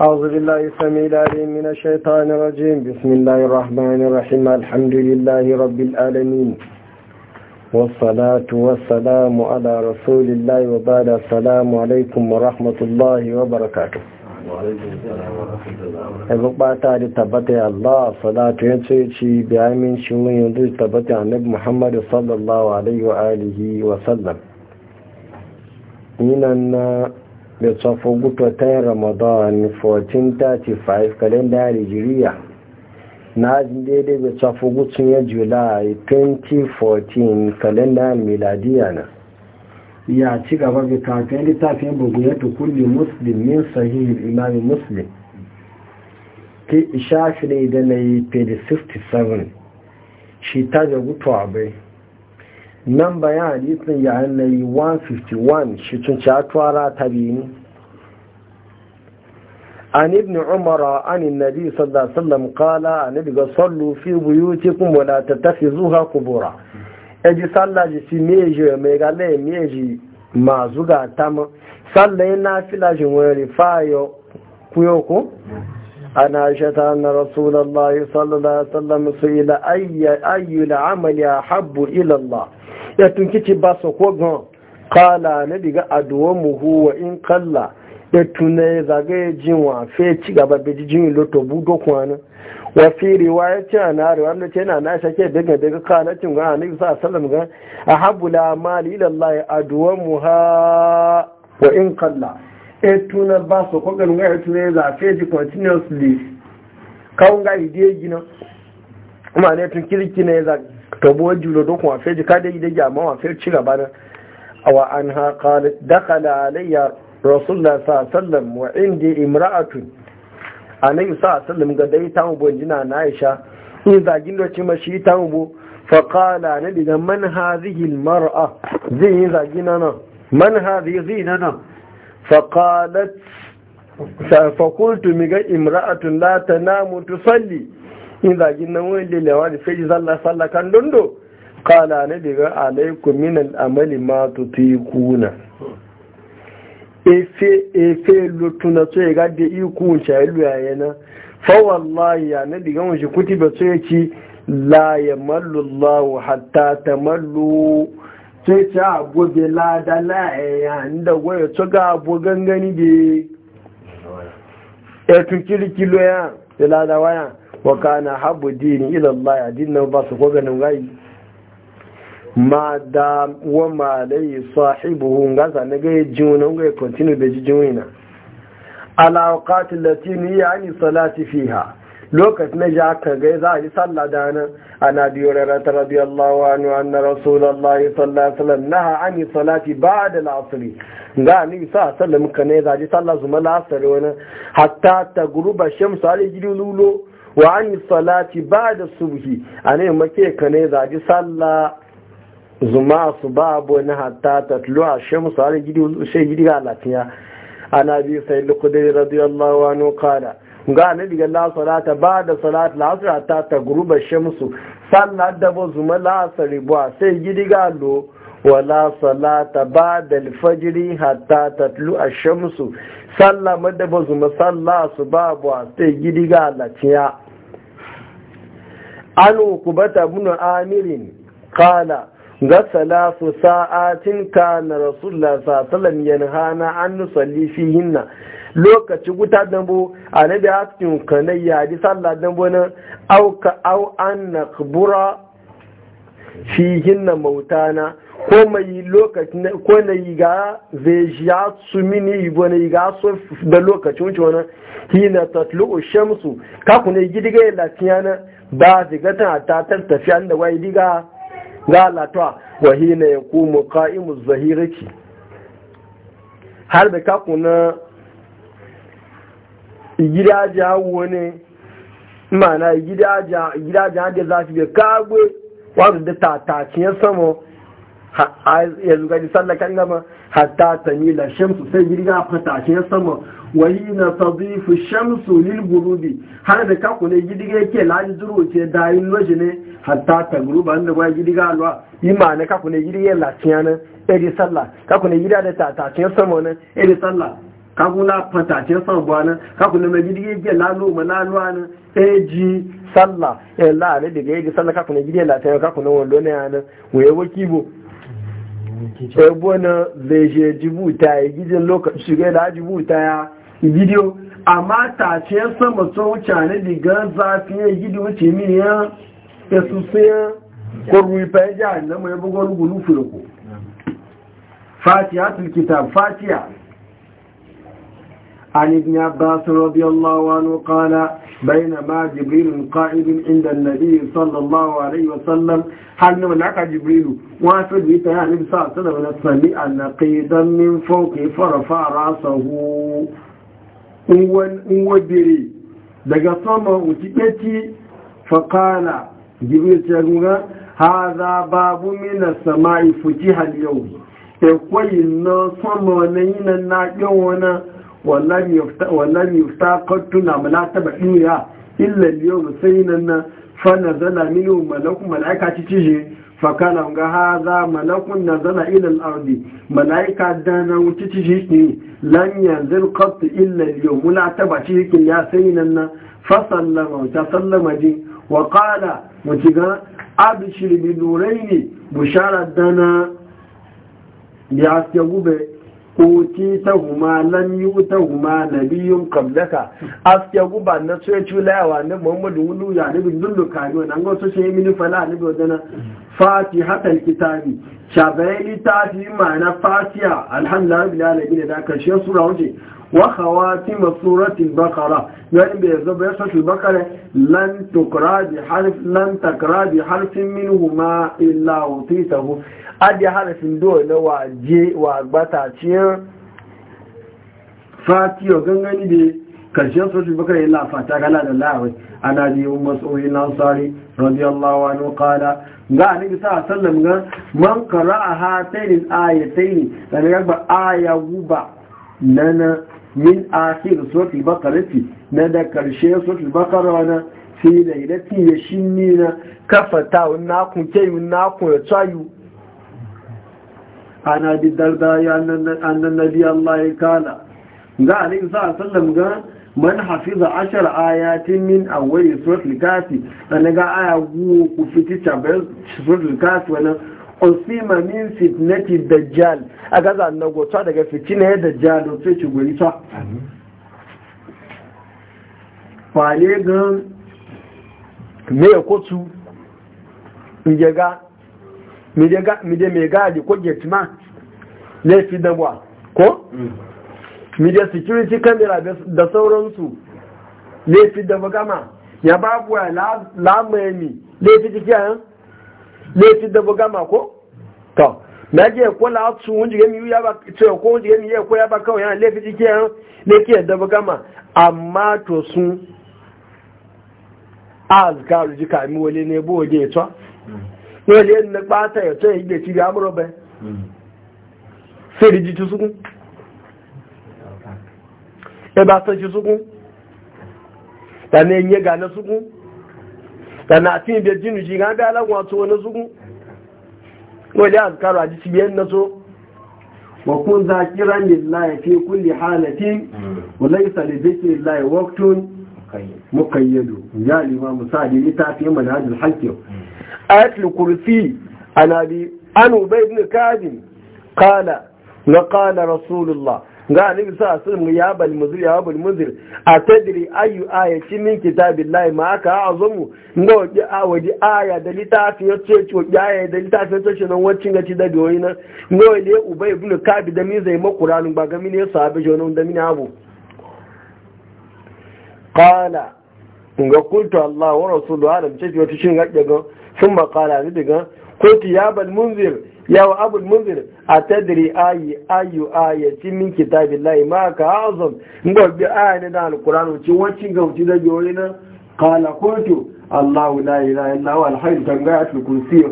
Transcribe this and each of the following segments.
أعوذ بالله السميع العليم من الشيطان الرجيم بسم الله الرحمن الرحيم الحمد لله رب العالمين والصلاة والسلام على رسول الله وبعد السلام عليكم ورحمة الله وبركاته Ebukpata da tabbata ya Allah salatu ya ce ci bi amin shi wun yanzu tabbata annabi Muhammad sallallahu alaihi wa alihi wa sallam. Ninan na da ta gutatan ramadan 1435 kalenda nigeria na ajin daidai da tsofin gutsun ya july 2014 kalenda miladiya na ya ci gaba da kafin littafin bugu ya tukulli muslim min sahihin imamin muslim ke isha shi ne da na yi 57 shi ta da gutu abai nan bayan hadisun ya hannayi 151 shi cin cakwara ta biyu. an ibni umara an inadi sallasallam kala an ibi ga sallu fi buyuti kuma da ta tafi zuha kubura e ji sallaji si meji mai gale meji ma zuga ta ma sallai e na filajin wani fayo kuyoku Ana أشهد أن رسول Rasulallah صلى الله عليه وسلم سئل أي أي العمل أحب إلى الله ya tunkici ba su ko gan kala na diga aduwa muhu wa in kalla ya tuna ya zagaye wa fe ci gaba bai ji yi loto budo kwana wa fi riwaya ce a na riwaya da ce na na shake daga daga kala cin ga annabi sa sallam ga ahabbu la mali ila ya aduwa muha wa in kalla ya tuna ba su ko gan ya tuna ya zafe ji continuously kawun ga idiye gina kuma ne tun kirki ne ya zagaye tobo julo don kuma fe jika da idan jama'a wa fe ci gaba na awa an ha qalat dakhala alayya rasulullah sallallahu alaihi wasallam wa indi imra'atun annabi sallallahu ga dai ta mu jina na Aisha in zagin da ma mashi ta mu fa qala na diga man hadhihi mar'a zai yi na nan man hadhihi zina nan fa qalat fa qultu miga imra'atun la tanamu tusalli in zagin nan wani lelewa da sai zalla salla kan dondo kala na daga alaikum min al'amali ma kuna. efe efe lotuna so ya gade ikun shailu yayana fa wallahi ya na diga wani ba so ya ci la ya mallu hatta ta mallu sai ta abu da lada la'ayya inda gwaya to ga abu gangani da ya e tun kilo ya da lada waya wa kana habu dini ila Allah ya dinna ba su ko ganin gai ma da wa ma dai sahibuhu ngasa ne ga junan ga continue da jijuna ala awqat allati yani salati fiha lokacin da ja ka ga za a yi sallah da nan ana biyo rarata radiyallahu anhu anna rasulullah sallallahu alaihi wasallam naha ani salati ba'da al-asr ga ni sa sallam ka ne za a yi sallah zuma al-asr wani hatta ta guruba shamsu alai gidu lulo wa an salati ba da subhi a ne make ka ne zaji sallah zuma su ba abu na hatta tatlu a shamsu har gidi shi gidi ga lafiya ana biyu sai lukudai radiyallahu anhu qala ga ne diga la salata ba da salati la ta gurubar shi shamsu salla da ba zuma la asri ba sai gidi ga lo wala salata ba da alfajiri hatta tatlu a shamsu sallah madaba zuma sallah su ba ba sai gidi ga latiya. an ukubata bin amirin kala ga salasu sa'atin na rasulullah sallallahu yanhana an nusalli hinna lokaci guta dambo annabi askin kanai ya di sallah dambo auka au na kubura fi hinna mauta na ko mai lokaci ko na yi ga vejiya su mini ibo na yi ga so da lokacin wani hina tatlu shamsu ka gidigai gidiga lafiya na ba tana ta tattafiya da wai diga ga latwa na ya kuma ka'imu zahiraki har da kakuna gidaja wani mana gidaja da za su kagwe wadda ta takiyar sama yanzu gani sallakan gama hatta ta nila shamsu sai girga fatashe sama wani na tadifu shamsu lil gurubi har da kaku ne gidiga yake laji duro ce dayin loji ne hatta ta guruba inda ba gidiga alwa ima na kaku ne gidiga lafiya nan iri sallah kaku ne gida da tatashe sama nan eri sallah kaku la fatashe sama ba nan kaku mai gidiga yake lalo ma lalowa nan eji sallah eh la ne daga yake sallah kaku ne gidiga lafiya kaku ne wando ne nan waye wakibo sai bona zai je jibuta ya gijin lokaci shiga da jibuta ya bidiyo amma ta ce sama so wuce ne diga zafi ya gidi wuce mini ya ya su sai ko rufa ya ji annama ya bugon gulu furko fatiha tul fatiha عن ابن عباس رضي الله عنه قال بينما جبريل قائد عند النبي صلى الله عليه وسلم حال نمنعك جبريل وافد بيتها عن ابن صلى الله عليه وسلم نقيدا من فوق فرفع رأسه وودري دقى صمه وتكتي فقال جبريل تقول هذا باب من السماء فتح اليوم يقول إن صمه نينا ناجونا wannan yufta kottuna malata ba ɗiniya illa liyon musayinan na fana zana milu malakun malaika ci cije fakana ga haza malakun na zana ilil ardi malaika da wuce ci shiki lan yanzu kottu illa liyon mulata ba ci shikin ya sayinan na fasallama wuce sallama ji wa kada wuce ga abishir bi nurai ne bushara da na ya ce gube utitahuma huma na biyun qablaka aske guba na sai culawa na Muhammadu wulu ya nabi dullu kano nan go so sai mini fala nabi wadana fatihatul kitabi fi tafi ma'ana fatiha alhamdulillah rabbil alamin da karshen sura wuce wa khawatim surati bakara baqara yani bi zaba surati al-baqara lan tuqra bi harf lan taqra bi harfin minhuma illa utitahu adi harfin do na waje wa gbata ciyan fatiyo gangani da karshen sosu bakar yin lafata gana da lawai ana ji yi matsoyi na tsari radiyallahu wa nukada ga ni bisa a sallam ga man kara a hatayin ayatai ne da na gaba aya guba na na min akhir suratul baqara na da karshe suratul baqara na fi lailatin yashinina kafata na kun kai na kun ya tsayu ana bi darda ya annan nabi Allah ya kala ga alaihi sallam ga man hafiza ashar ayatin min awwali suratul kafi ana ga aya ku usima min fitnati dajjal a gaza na gota daga fitina ya dajjal da sai ci guri ta fale gan me ya kotu mijega mijega mije me gadi ko getma ne fi dabwa ko mm. mije security camera da sauransu ne fi dabwa gama ya babu la lamani ne fi kiyan laifin da gama ko to na je ko la su wunji gami ya ba ce ko wunji gami ya ko ya ba kawai yana laifin jike yan laifin da gama amma to sun azkaru jika mi wale ne bo waje ya tsa hmm. wale ne ba ta ya tsa ya ci ga amuro bai sai da jitu sukun hmm. e ba ta ji sukun ta ne nye ga na sukun na fi biyar jini ji ga da lagwa to na zugu wali azkaru aji ci biyan na so wa kun zakiran lillahi fi kulli halatin mm. wa laysa zikin dhikrillahi waqtun muqayyadu ya limamu sa'di litafi manhajul hakim mm. ayatul kursi ana bi an ubay ibn kadim qala وقال ga annabi sa mu ya bal muzir ya bal muzir atadri ayu ci min kitabillahi ma aka azumu ngo ji awadi aya da litafi ya ce ce aya da litafi ya ce nan wancin gaci da biyoyi nan ngo le ubay ibn kabi da min zai makuranin ba ga mine sahabi jono da mine abu qala Nga kuntu allah wa rasuluhu alam ce ce wata shin ga ga sun ba qala ni daga kuntu ya bal munzir yawa abul munzir a tadiri ayi ayu ayati min kitabillahi ma ka azam ngo bi ayani na alquran ci wancin ga da jori na qala qultu allah la ilaha illa huwa alhayyul qayyum kursi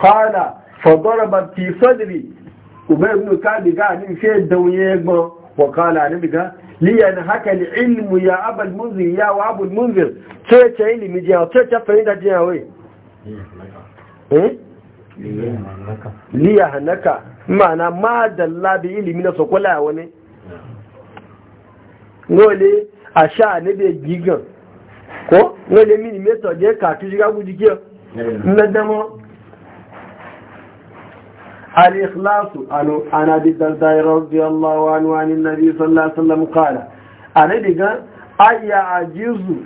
qala fa daraba fi sadri ubay ibn kadi ga ni she dawye go wa qala ni ga li yan haka li ilmu ya abul munzir ya wa abul munzir ce ce ilmi je ce ce fa'ida je wai hmm, eh hmm? liya hannaka mana ma dalla bi ilimi na sokola wani wani a sha ne bai gigan ko wani minimeta je ka tu shiga guji kiyo Na al-ikhlas anu ana bi dalda radiyallahu anhu an-nabi sallallahu alaihi wasallam qala ana diga ayya ajizu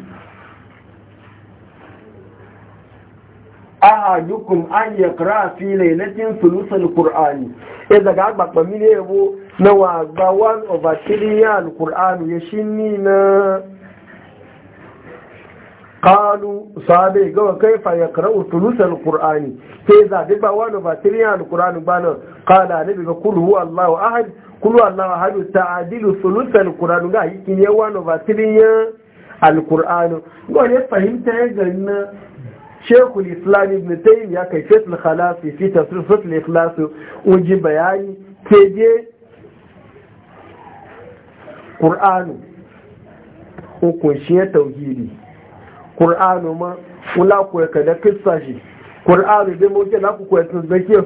ahadukum an yaqra fi laylatin thuluthal qur'an idza ga gbagba mi ne bo na wa gba one a three qur'an ya shinni na qalu sabe ga kaifa yaqra thuluthal qur'an sai za bi ba one a three qur'an ba na qala nabi ga Kulu huwa allah ahad kul allah ahad ta'dilu thuluthal qur'an ga yi ne one a three alquran ga ne fahimta ya ganna شيخ الإسلام ابن تيمية كيفية الخلاص في تصرف الإخلاص وجي بياني تيجي قرآن وكوشية توحيدي قرآن ما ولا كوي كده قصة شي قرآن دي موجة لا كوي تنزكيه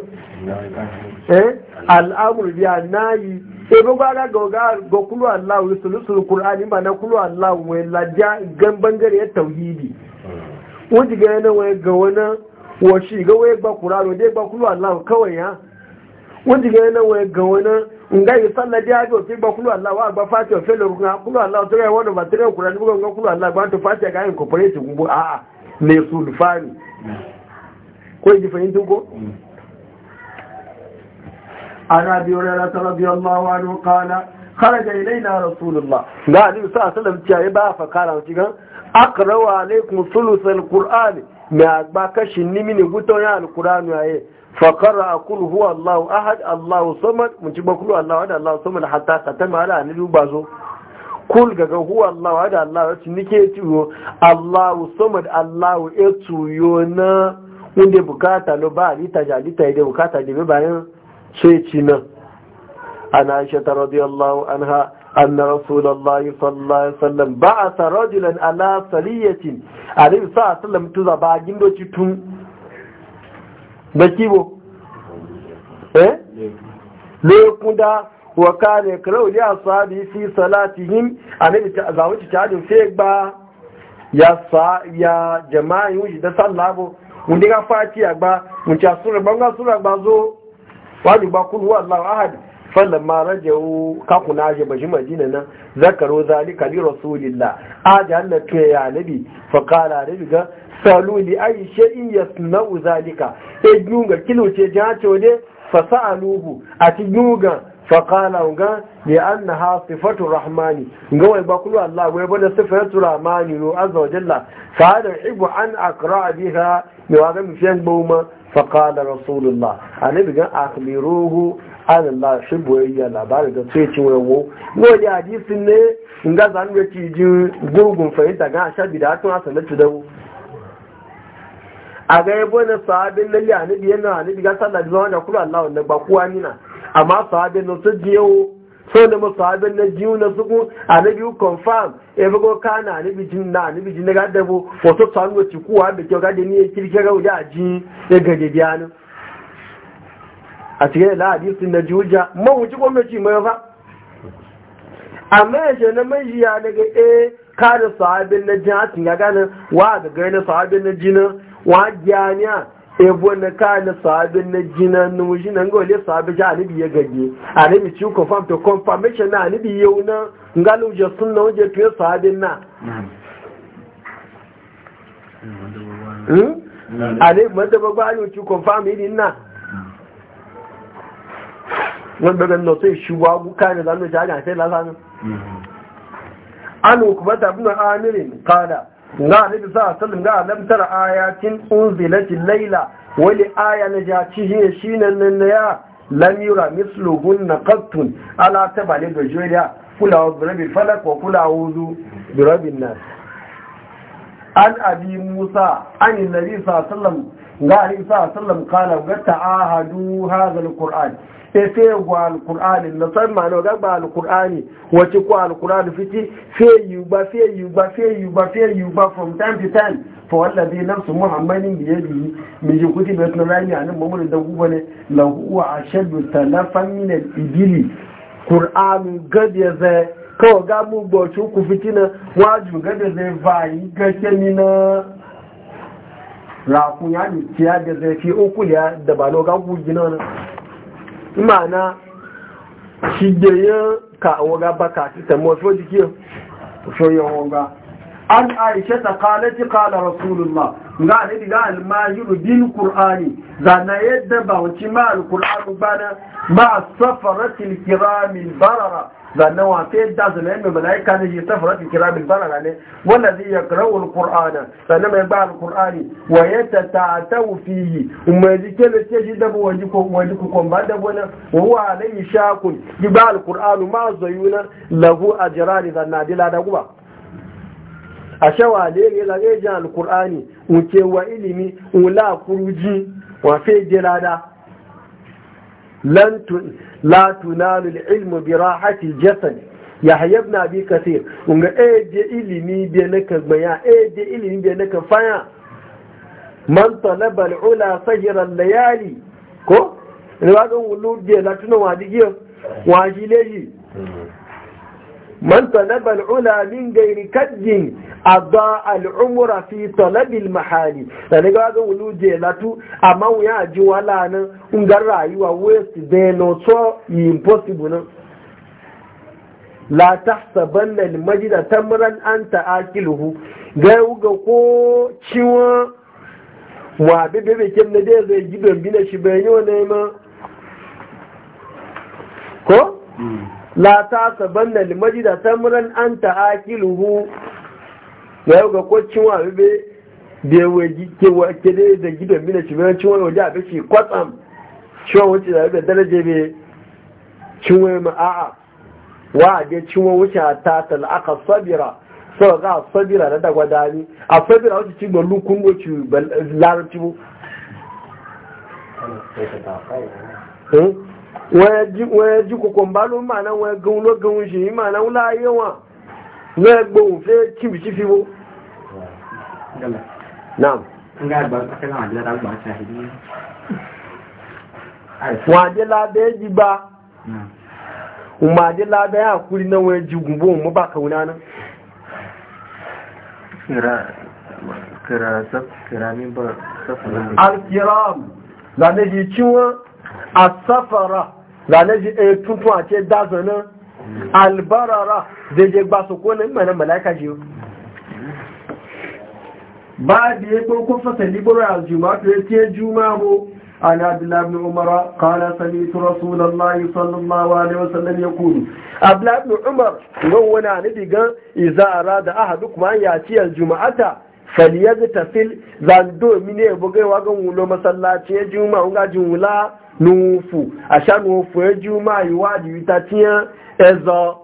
eh al'amur biya nayi e ba ga ga ga kulu Allah wa sulusul qur'ani ma na kulu Allah wa la ja gan bangare ya tauhidi wọ́n ti gẹ̀ ẹ́nà wọ́n ga wọ́n wọ́n ṣì ga wọ́n aláwọ̀ kawai ya wọ́n ti wọ́n nga Allah wa agba Allah a a ba akrawa alaikum sulusul qur'an mai agba kashi ni mini gutan ya alqur'anu yaye fa a qul huwa allah ahad allah samad mun ci bakulu allah da allah samad hatta katama ala ni duba zo kul gaga huwa allah ahad allah wacce nike ciwo allah samad allah etuyo na inda bukata lo ba alita jalita ide bukata da bayan sai ci nan ana aisha radiyallahu anha أن رسول الله صلى الله عليه وسلم بعث رجلا على صلية عليه الصلاة والسلام تزبع جندو تتم بكيبو eh lokuda wa kare karau ya sabi fi salatihim annabi ta zawo ci ta din sai ba ya sa ya jama'i da sallabo mun diga fati agba mun ta sura banga sura gba zo wani ba kulhu Allahu ahad fanda ma rajawu kaku na aje bashi madina nan zakaro zalika li rasulillah aje Allah to ya nabi fa qala nabi ga salu li ay shay'in yasna'u zalika e dunga kilo ce A ne fa sa'aluhu ati dunga fa qala unga li annaha sifatu rahmani ga wai ba Allah wai ba da sifatu rahmani ro a wa jalla da ibu an aqra biha ni wa ga mi gbauma fa qala rasulullah anabi ga akhbiruhu alala shi boye ya labarin da sai ci nwere wo ya hadisi ne in ga zan ga ci jin gurgun fahimta ga sha bida tun asalatu da aga ga na sahabin lalle na yana annabi ga sallah da zaman da kula Allah wannan ba kuwa nina amma sahabin no so na jiyo na suku annabi u confirm e ba ko kana annabi jin na annabi na ga kuwa ga ni e ga ji e ga a cikin da hadisi na juja man wuce gwamnati mai fa A ya ce na majiya daga e eh, kada sahabin na jin hatin ya gane wa ga na sahabin na jina. wa gyaniya ebo na kada sahabin na jina na wuce nan ga wale sahabin ji anibi ya gaje anibi ci confirm to confirmation na anibi wuna na ngaluje sun na wuje tuye sahabin na anibi hmm? madaba ba ni wuce confirm idin na wanda ga nan sai shi wa guka ne amirin qala ga nabi sallallahu alaihi ga lam layla aya na shi nan ne ya lam yura misluhunna qattun ala tabali da juriya kula wa rabbi falak wa kula uzu bi an abi musa an nabi sallallahu alaihi ga nabi sallallahu alaihi qala ga ta'ahadu hadha Qur'an. efe gwa alkur'ani na san ma na gagba alkur'ani wace ko alkur'ani fiti fe ba fe ba fe ba fe ba from time to time zai nan su muhammadin bi yadi mi ji kuti be tun rani anan mamuri da guba ne la huwa ashaddu talafan min al-ibili qur'an gadiya zai kawai ga mu gbọ̀tí kù fitina wájú gẹ́gẹ́ zai vayi ni nínú ràkùn yájú tí a gẹ́gẹ́ fi ókù ya dàbàlọ́gá gúgí na mana shigayen ka'awaga baka ta mafi jikin soyawa ga an aisha ta kalati kala rasulullah ga ne diga almahiru bil qur'ani zana yadda ba wuce ma ba bana ma safaratil kiramil barara zannan wa sai da zama yin malaika ne shi safaratil kiramil barara ne wanda zai ya kira wani qur'ana sannan mai ba alqur'ani wa ya tatatawu fihi umma ji ke da ce shi da ba waji ko waji ko kon ba da bona wa huwa alayhi shakun bi ba alqur'anu ma zayuna lahu ajran zanna dila da guba a shawa da yake zage jan alqur'ani wuce wa ilimi wula kuruji wa fe jilada la tunalu ilmu bi rahati jasad ya hayyabna bi kathir unga eje ilimi bi naka gbaya eje ilimi bi ka faya man talaba al-ula sahira al-layali ko ni wa don wulu bi la tuno wa digiyo wa jileji man talaba al-ula min gairi kadjin adda al'umura fi talabil mahali da ne ga wulu je latu amma wuya ji wala nan un ga rayuwa waste dey no so impossible nan la tahsabanna al-majda tamran anta akiluhu ga uga ko ciwon wa bebe be kem ne dai zai gibe bina shi bayo ne nema? ko la tahsabanna al-majda tamran anta akiluhu ya ga ko cinwa bebe da yawa kewa kere da gidan mina shi bayan cinwa waje a bashi kwatsam cinwa wuce da bebe daraje be cinwa ma a'a wa a ga cinwa wuce a tatal aka sabira sau ga a sabira na dagwa dani a sabira wuce ci gbalu kun wuce larabci mu wọ́n jí kòkò ń bá ló mà náà wọ́n gan ló gan ṣe yí mà náà láyé wọn lọ́ẹ̀gbọ́n òun fẹ́ kíbi sí fi wo. na'am wade labe ji ba umade labe ya kuri na wani ji gumbo mu ba kauna nan alkiram zane ciwon eh, a safara mm. zane ji tuntun dazanin albarara zai je basa ko na mana ba da ya ɗauko fasali a juma ta yi ce juma mu an abdullabin umar kala sami su rasulun layi sallun mawa ne wasu nan ya Abdullahi abdullabin umar ga wani anibigan izara da aha duk ma ya ci yar juma'ata faliyar da tafil zando mini ya buga yawa ga wulo masallaci ya juma ga jimula nufu a sha nufu ya juma yi wajibi ta tiyan ezo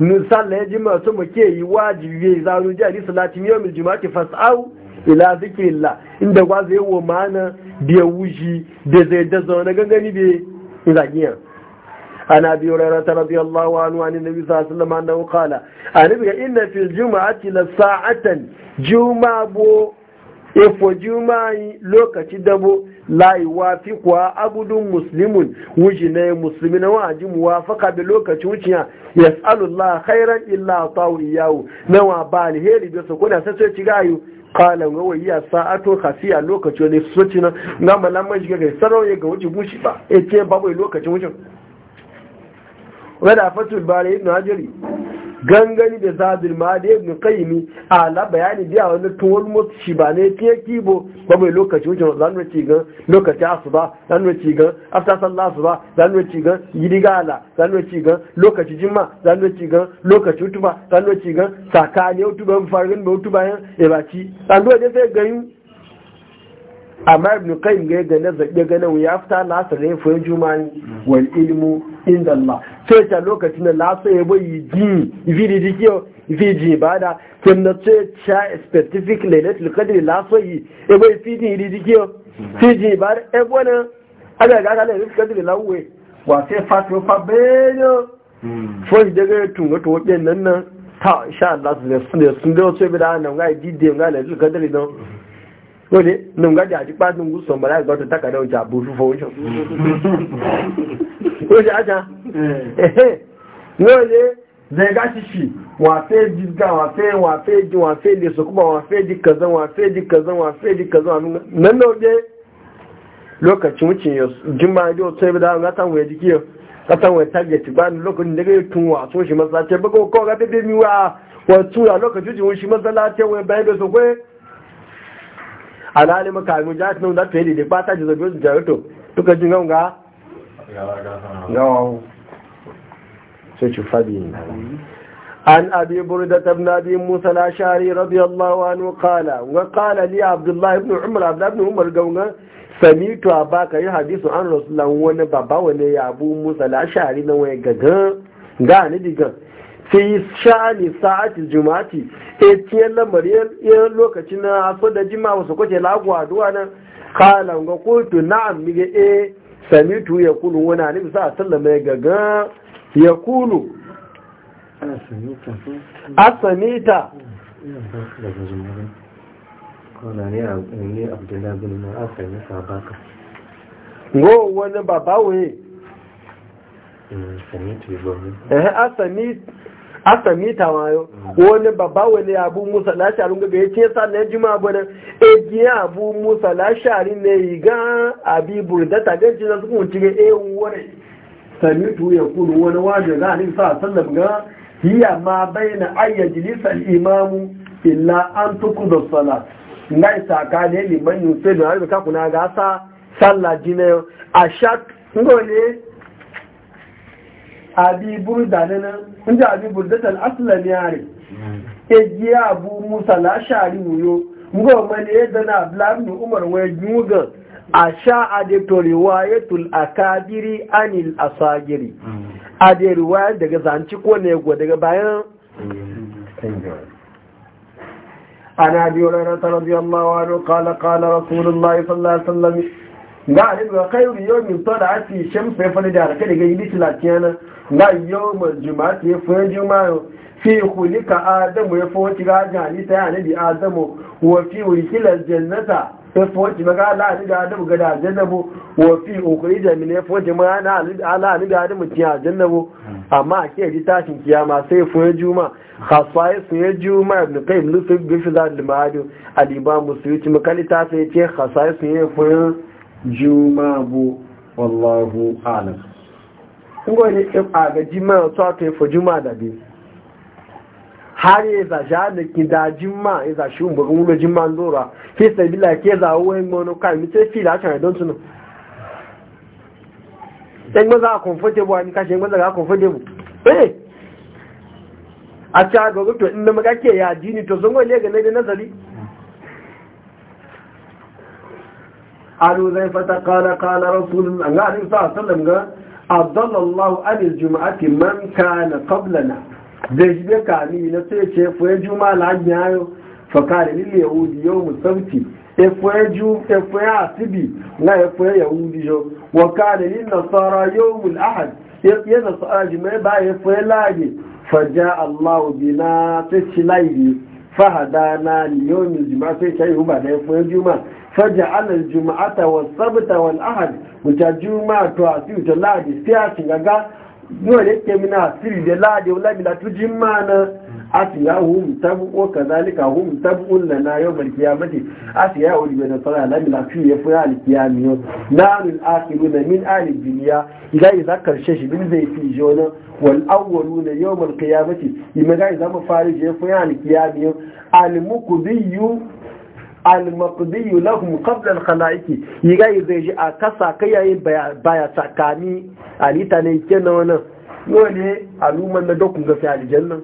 nusallaya jimma su muke yi wajibi ya zaru jari yau mai juma'a ki fasa'u ila zikirillah inda kwa zai wo mana biya wuji da zai da zaune gangani bai zagiyan عن أبي هريرة رضي الله عنه عن النبي صلى الله عليه وسلم أنه قال أنبقى إن في الجمعة لساعة جمعة بو إفو جمعة لوكا تدبو لا يوافق عبد مسلم وجنا مسلمين واجب موافقة بلوكا تشوشيا يسأل الله خيرا إلا أعطاه إياه نوى بالهيري بيسكونا سسوتي غايو kala ga wayya sa'ato khasiya lokaci wani soci na na malaman shiga sarau ya ga wuce gushi ba ya ce babu lokacin wucin wadda fatul bare ibn hajari gangani da da madi kaimi a ala bayani biya wani tuwal shi ba ne fiye kibo ba mai lokaci wuce zan wuce gan lokaci asuba zan wuce gan afta sallah asuba zan wuce yirigala yidigala zan wuce gan lokaci jimma zan wuce gan lokaci utuba zan wuce gan sakani utuba farin ba utuba ya ebaci sai amma ibn qayyim ga ga na zabe ga nan ya fita na ne fa jumani wal ilmu inda Allah sai ta lokacin da lasa ya bai ji vidi dikiyo vidi bada kin da ce cha specific lailatul qadr lasa yi e bai fidi dikiyo fidi bar e bona aga ga ga lailatul qadr lawe wa sai fatu fa beyo fo ga tunga to wadannan nan ta insha Allah su ne sun da so bi da nan ga didi ga lailatul qadr don wọ́n ní ǹgájì àjípàdé ń gúúsọ̀ mọ̀lá ìgbọ́tọ̀ tákàdá ọjà bú fúfọ́ oúnjẹ oúnjẹ ajá wọ́n lè zẹ̀gá ṣíṣì wọ́n fẹ́ jíga wọ́n fẹ́ wọ́n fẹ́ jí wọ́n fẹ́ lè sọkúbà wọ́n fẹ́ jí kazan wọ́n fẹ́ jí kazan wọ́n fẹ́ jí kazan nan oge lokacin wucin yau jima da wasu yabi da wani gatan waya jiki yau gatan waya target ba ni lokacin da kai tun wa sun shi masallaci ba ko ga bebe miwa wa tura lokacin wucin masallaci waya bayan da alhali mu ja ta nuna fiye da ba ta ji zabi wasu jarito duka jin gan ga gawawo sai ci fadi ne an abi burda tabna bi musa na shari radiyallahu anhu kala wa kala. li abdullah ibn umar abdullah ibn umar to a baka yi hadisu an rasulullah wani baba wani ya abu musa na shari na wani gagan gani ni digan yi sha'ani sa'ati jumati e eh, tiyan lambar yin eh, eh, lokacin na asu da jima wasu kwace lagu duwa nan kala ga kotu na amiga e samitu ya kulu wani alim sa sallama ya gaga ya kulu asamita go wani babawe samitu ya gomi eh asamita hasa mita mayo wani mm-hmm. babba wani abu musa lasharin gaga ya ce sannan jima bane ejiya abu musa lasharin ne e ga abi burdata ganci na sukun cike ehun wani samitu ya kulu. wani waje ga hannun sa sallam ga hiya ma bayyana ayyajilisa imam illa an tuku salat ngai ka ne liman yusuf da harbi kakuna ga sa sallah jina a abi burda ne nan inda abi burdatan aslan yare hmm. ke giya abu musa la shari wuyo ngo mali yadda e na ni umar wa juga a sha to riwayatul akabiri anil asagiri hmm. a da riwayar daga zanci ko ne go daga bayan hmm. Ana biyo هريره ta الله عنه قال qala رسول الله صلى الله عليه ga alim ga khairu yawmin tada'ati shamsu ya fara da harka daga Nga tilatiyana ga yawmin juma'ati ya juma juma'a fi khulika adamu ya fara ga jani ta annabi adamu wa fi wikila jannata ya fara ga ala ga adamu ga da jannabu wa fi ukhrija min ya fara ma na ala ga adamu ti jannabu amma ake ji tashin kiyama sai fara juma'a khasai su ya juma ibn qayyim lusuf bi fi zalil ma'ad al imam suyuti makalita sai ce khasai su ya fara juma bu wallahu alam ngo ne ke aga juma to aka e fo juma da bi har ya e za ja da ki da juma ya e za shi umbo gulo juma ndora ke sai bila ke za wo en mo no kai mi te fi la chan don tuno en mo za comfortable ani ka she mo za comfortable eh a ta go to inda magake ya jini to zongo le ga ne nazari anu zai fata kala kala rasulun an ga alaihi sallam ga abdallahu anil juma'ati man kana qablana zai shi ka ni na sai ce fuye juma'a la fa kare lil yahudi yawm sabti efuye ju efuye asibi na efuye yahudi jo wa kare ya nasara jima'a ba fa bina sai shi فهدانا ليوم الجمعة سيكي بعد يفو الجمعة فجعل الجمعة والسبت والأحد وتا جمعة تواسي وتلاجي سياسي نغا نولي كمنا سيري لادي ولا بلا تجمعنا na asiyahum tabu kadhalika hum tabu lana yawm alqiyamati asiyahu ibn sala la ya fi yau. Na qiyamiyo narul na min al dunya idan idza karshe shi bin zai fi Wani jona wal awwaluna yawm al qiyamati imaga idza mafarij yafu al qiyamiyo al mukbiyu almaqdiyu lahum qabla alkhalaiqi yiga yizeji akasa kayaye baya tsakani alita ne kenan wannan ne aluman na dokun ga fi aljanna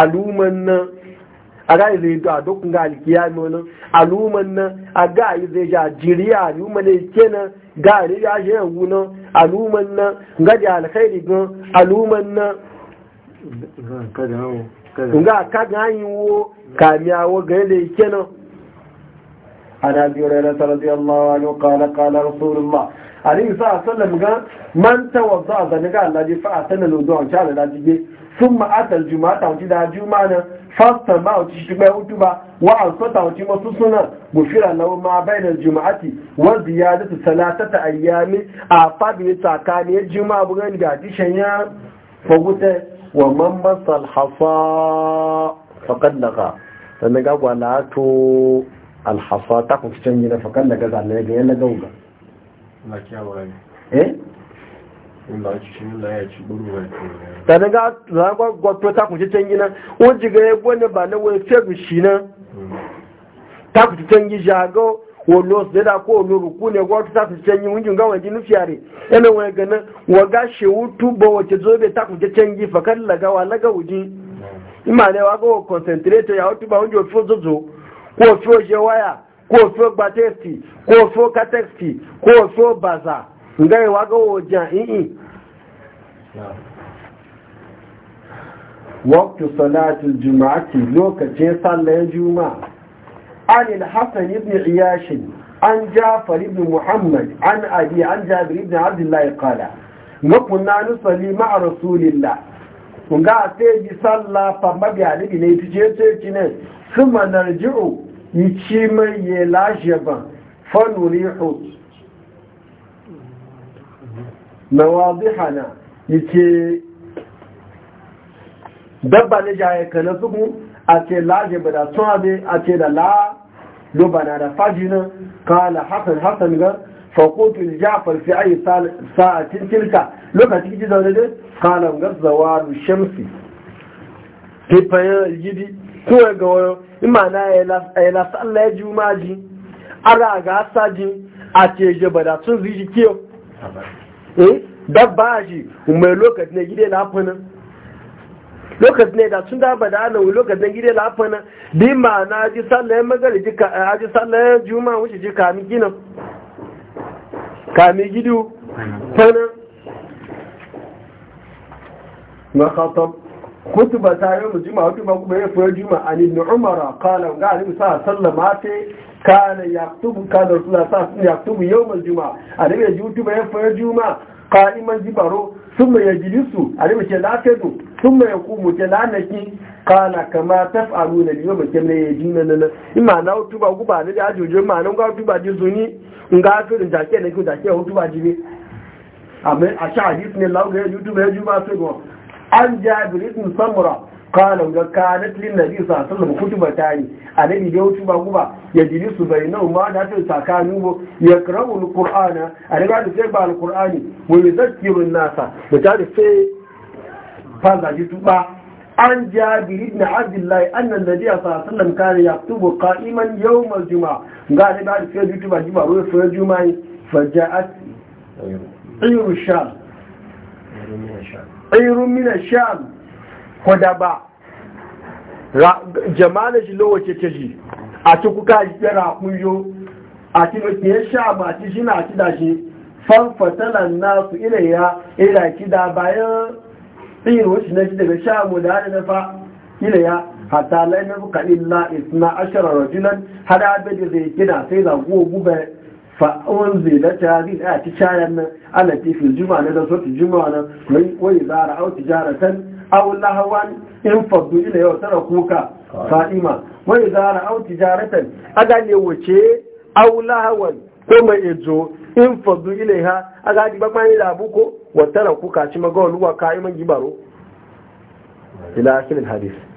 aluman nan a ga zai da dukkan ga alkiya nonon aluman nan a ga zai ja jiriya aluman ne kenan ga ne ya shi yanzu nan aluman nan ga da alkhairi gan aluman nan nga ka ganyi wo kamiya wo ga ne kenan عن أبي هريرة رضي الله عنه قال قال رسول الله عليه الصلاة والسلام قال من توضأ ذنقال الذي فأتنا الوضوء إن شاء sun ma'atar juma'a ta wuce da juma'a nan fasta ma wuce shi bai hutu ba wa alfata wuce masu suna gufira na ma bai da juma'ati ya zata salata ta ayyami a fadi ya tsakani ya juma'a bugan ga tishen ya faguta wa man salhafa fakan da daga sannan ga na to alhafa ta kuka can gina faƙad daga zane ga yana gauga eh ta daga zagwa gwato ta kuci can gina wajen ga yabo ne ba na wani fiye shi na ta kuci can gi shago wano su da ko wolo ruku ne gwato ta kuci can gi wajen ga wajen nufiyare yana wani ganin waga shewutu ba wace zobe ta kuci can gi fakar lagawa ga wujin ima ne waga wa concentrator ya ba wajen zozo ko waya ko ko ko baza ngai wa ga wajen i'i waktu salatul juma'ati lokacin sallar juma'a an al-hasan ibn iyash an jafar ibn muhammad an abi an jabir ibn abdullah qala ga kunna nusalli ma'a rasulillah kun ga sai ji salla fa mabiya ne ne tije ce kine kuma narji'u yi ci mai yela sheba fa nurihu mawadihana yake dabba ne jaye ka na suku a ce laje bada tun abe a ce da la lobana da fajina ka na hasan hasan ga fakotu jafar fi ayi sa'atin tilka lokacin ji zaune ne ka na ga zawa da shamsi tefaye yidi kowai ga wayo imana ya yi lasa ya juma ji ara ga asaji a ce je bada tun zai kiyo Eh? dabbaji mai lokaci na gide lafana lokaci ne da sun daba da ana lokaci na gide lafana bi ma'ana ji sallaya magari jika a aji sallaya juma wuce ji kami gina kami gidu fana ma khatab kutuba ta yi mu jima kutuba kuma ya fuwa jima a ibn umara kala ga alim sa salla sallama kala ya yaktubu kala rasulullah sa sun ya yaktubu yawm al-juma annabi ya kutuba ya fuwa juma qa'iman jibaro sun mai a yajlisu annabi ce la sun mai ya kuma ke lanaki kala kama ta faru na yawma mai yajina ya jina na na na ima kutuba guba ne da ajojo ma na ga kutuba ji zuni nga firin take ne jake take kutuba jibe amma a sha hadis ne lawo ga kutuba ya juma sai go an jabir ibn samura qala ga kanat lin nabi sallallahu alaihi wasallam kutuba tani annabi da wuce ba ku ba ya jini su bayna umma da ta sakani go ya qra'u alqur'ana ari ba da sai ba alqur'ani wa yuzakkiru an-nasa da ta da sai fanda jituba an jabir ibn abdullah anna nabi sallallahu alaihi wasallam kana yaktubu qa'iman yawm al-juma ga ne ba da sai jituba jiba ruwa sai juma'i fajaat ayyu shar ayyu shar tsirun mina sham kwada ba jama'a shi lowace ce shi a ci kuka shi yara kunjo a ci ya sha ba ci shina a ci da shi fanfatanan nasu ilaiya ila kida bayan tsirun shi na shi daga mu da hada nafa ilaiya hatta laimar kaɗin na isna ashirar rajinan hada abin da zai kina sai zago gube fa’on zilata zai a ci cayan nan a latifin juma na zan sotu juma nan wani zara a wata jara san awon lahawan in fadu fa’ima wani zara a wata a gane wace awon lahawan ejo in fadu ina ha a gani ba mani labu ko wata tara kuka ci maga wani wa ka'iman gibaro ila akilin hadis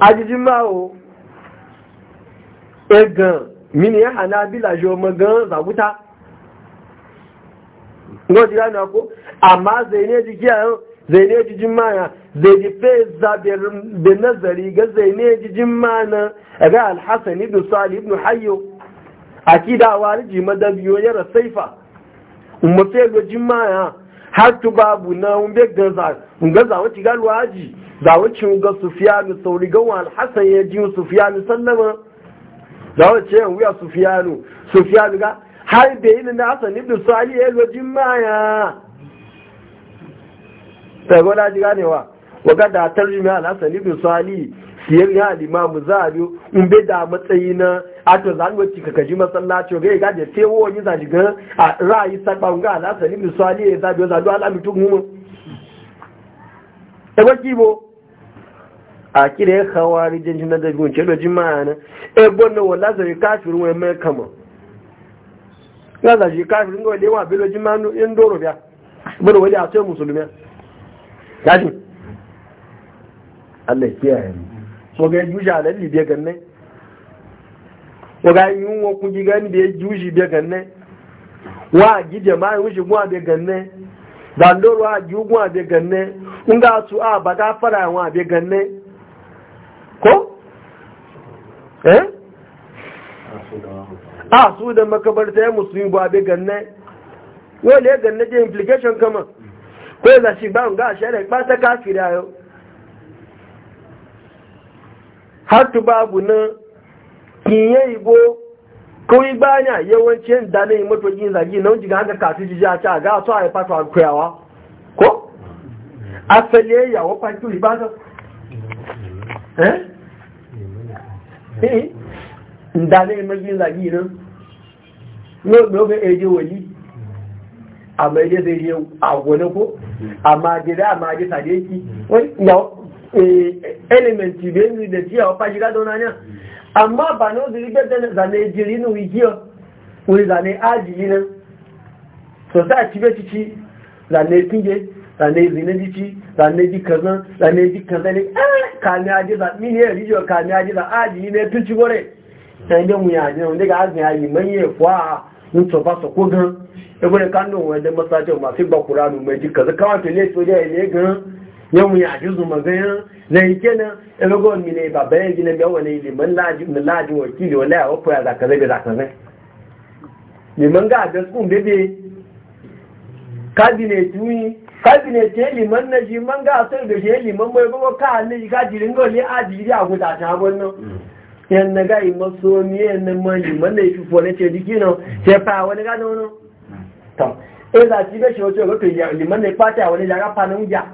ajijimawo egan mini ya hana bilaje ọmọ gan zaguta ngo jira na ko amma zai ne jiki a zai ne jijin mana zai ji feza da nazari ga zai ne jijin mana e ga alhassan ibn salih ibn da akida wariji madabiyo ya rasaifa umma fego jin mana har tu babu na umbe gaza gaza wati galwaji za wace ga sufiyanu sauri gawa alhassan ya ji sufiyanu sallama za wace yan wuya sufiyanu sufiyanu ga har da yi na hassan ibn sali ya lojin maya sai gona ji ganewa waga da tarjumi alhassan ibn sali siyar ya a zariyo in bai da matsayi na ato za mu ci kaji masallaci ga ga da sai wani za ga a ra'ayi sabon ga alhassan ibn sali ya zabi za do alamitu mu e wakibo a kira e e ya hawari jan jin da gunce da jima'a na e gwanna wala zai kafirin wai mai kama ya zaji kafirin ga walewa bilo jima'a in doro biya bada wale a sai musulmi tashi Allah kiyaye mu so ga juja lalli biya ganne so ga yun wa ku ji gani biya juji biya ganne wa gi jama'a wushi gwa biya ganne zandoro a gi gwa biya ganne in ga su a ba ta fara wa biya ganne eh ah, a su da makabarta ya musulmi ba bai ganne wale ya ganne je implication kama ko za shi ba ga shari'a ba ta kafira yau har tu babu nan kiyaye ibo kawai bana yawanci yin da nai matokin zagi na wajen ka kasu ji ja ta ga su a yi fata koyawa ko asali yawa fakiri ba Eh, ndane magi lagi nan no do ga eje wali amma eje zai je a gona ko amma je da amma je sade ki wai ya eh, element be ni da ji a fa shiga dona nya amma ba no zuri ga dan zane jiri no wiki wai zane aji nan so sai ci be ci zane kinje zane zine jiki zane ji kazan zane ji kazan ne ah, kami aji za mini ah, ya rijiyo kami aji za aji ne tun ci gore sai dai mu yaji wanda ga azin yi manye a mun to fa so kogan e gore kan don wanda masaje ma fi ba qur'anu mai ji kaza kawai to le so ya ne gan ya mu yaji zuma gan yi kenan e go mi ne ba bayan gina ga wani liman laji mun laji wakili wallahi wa fa za kaza be za kaza liman ga ga sun bebe ne yi kabinet ya liman na shi man ga asar da shi ya liman mai kuma ka hannu shi ka jirin gole a jiri a guda ta gwanno yan na gai maso ni yan na man liman na shi fone ce jiki na ce fa wani gano wani to e za ci bai shi wato ga to liman na kwata wani ya ga fanin ja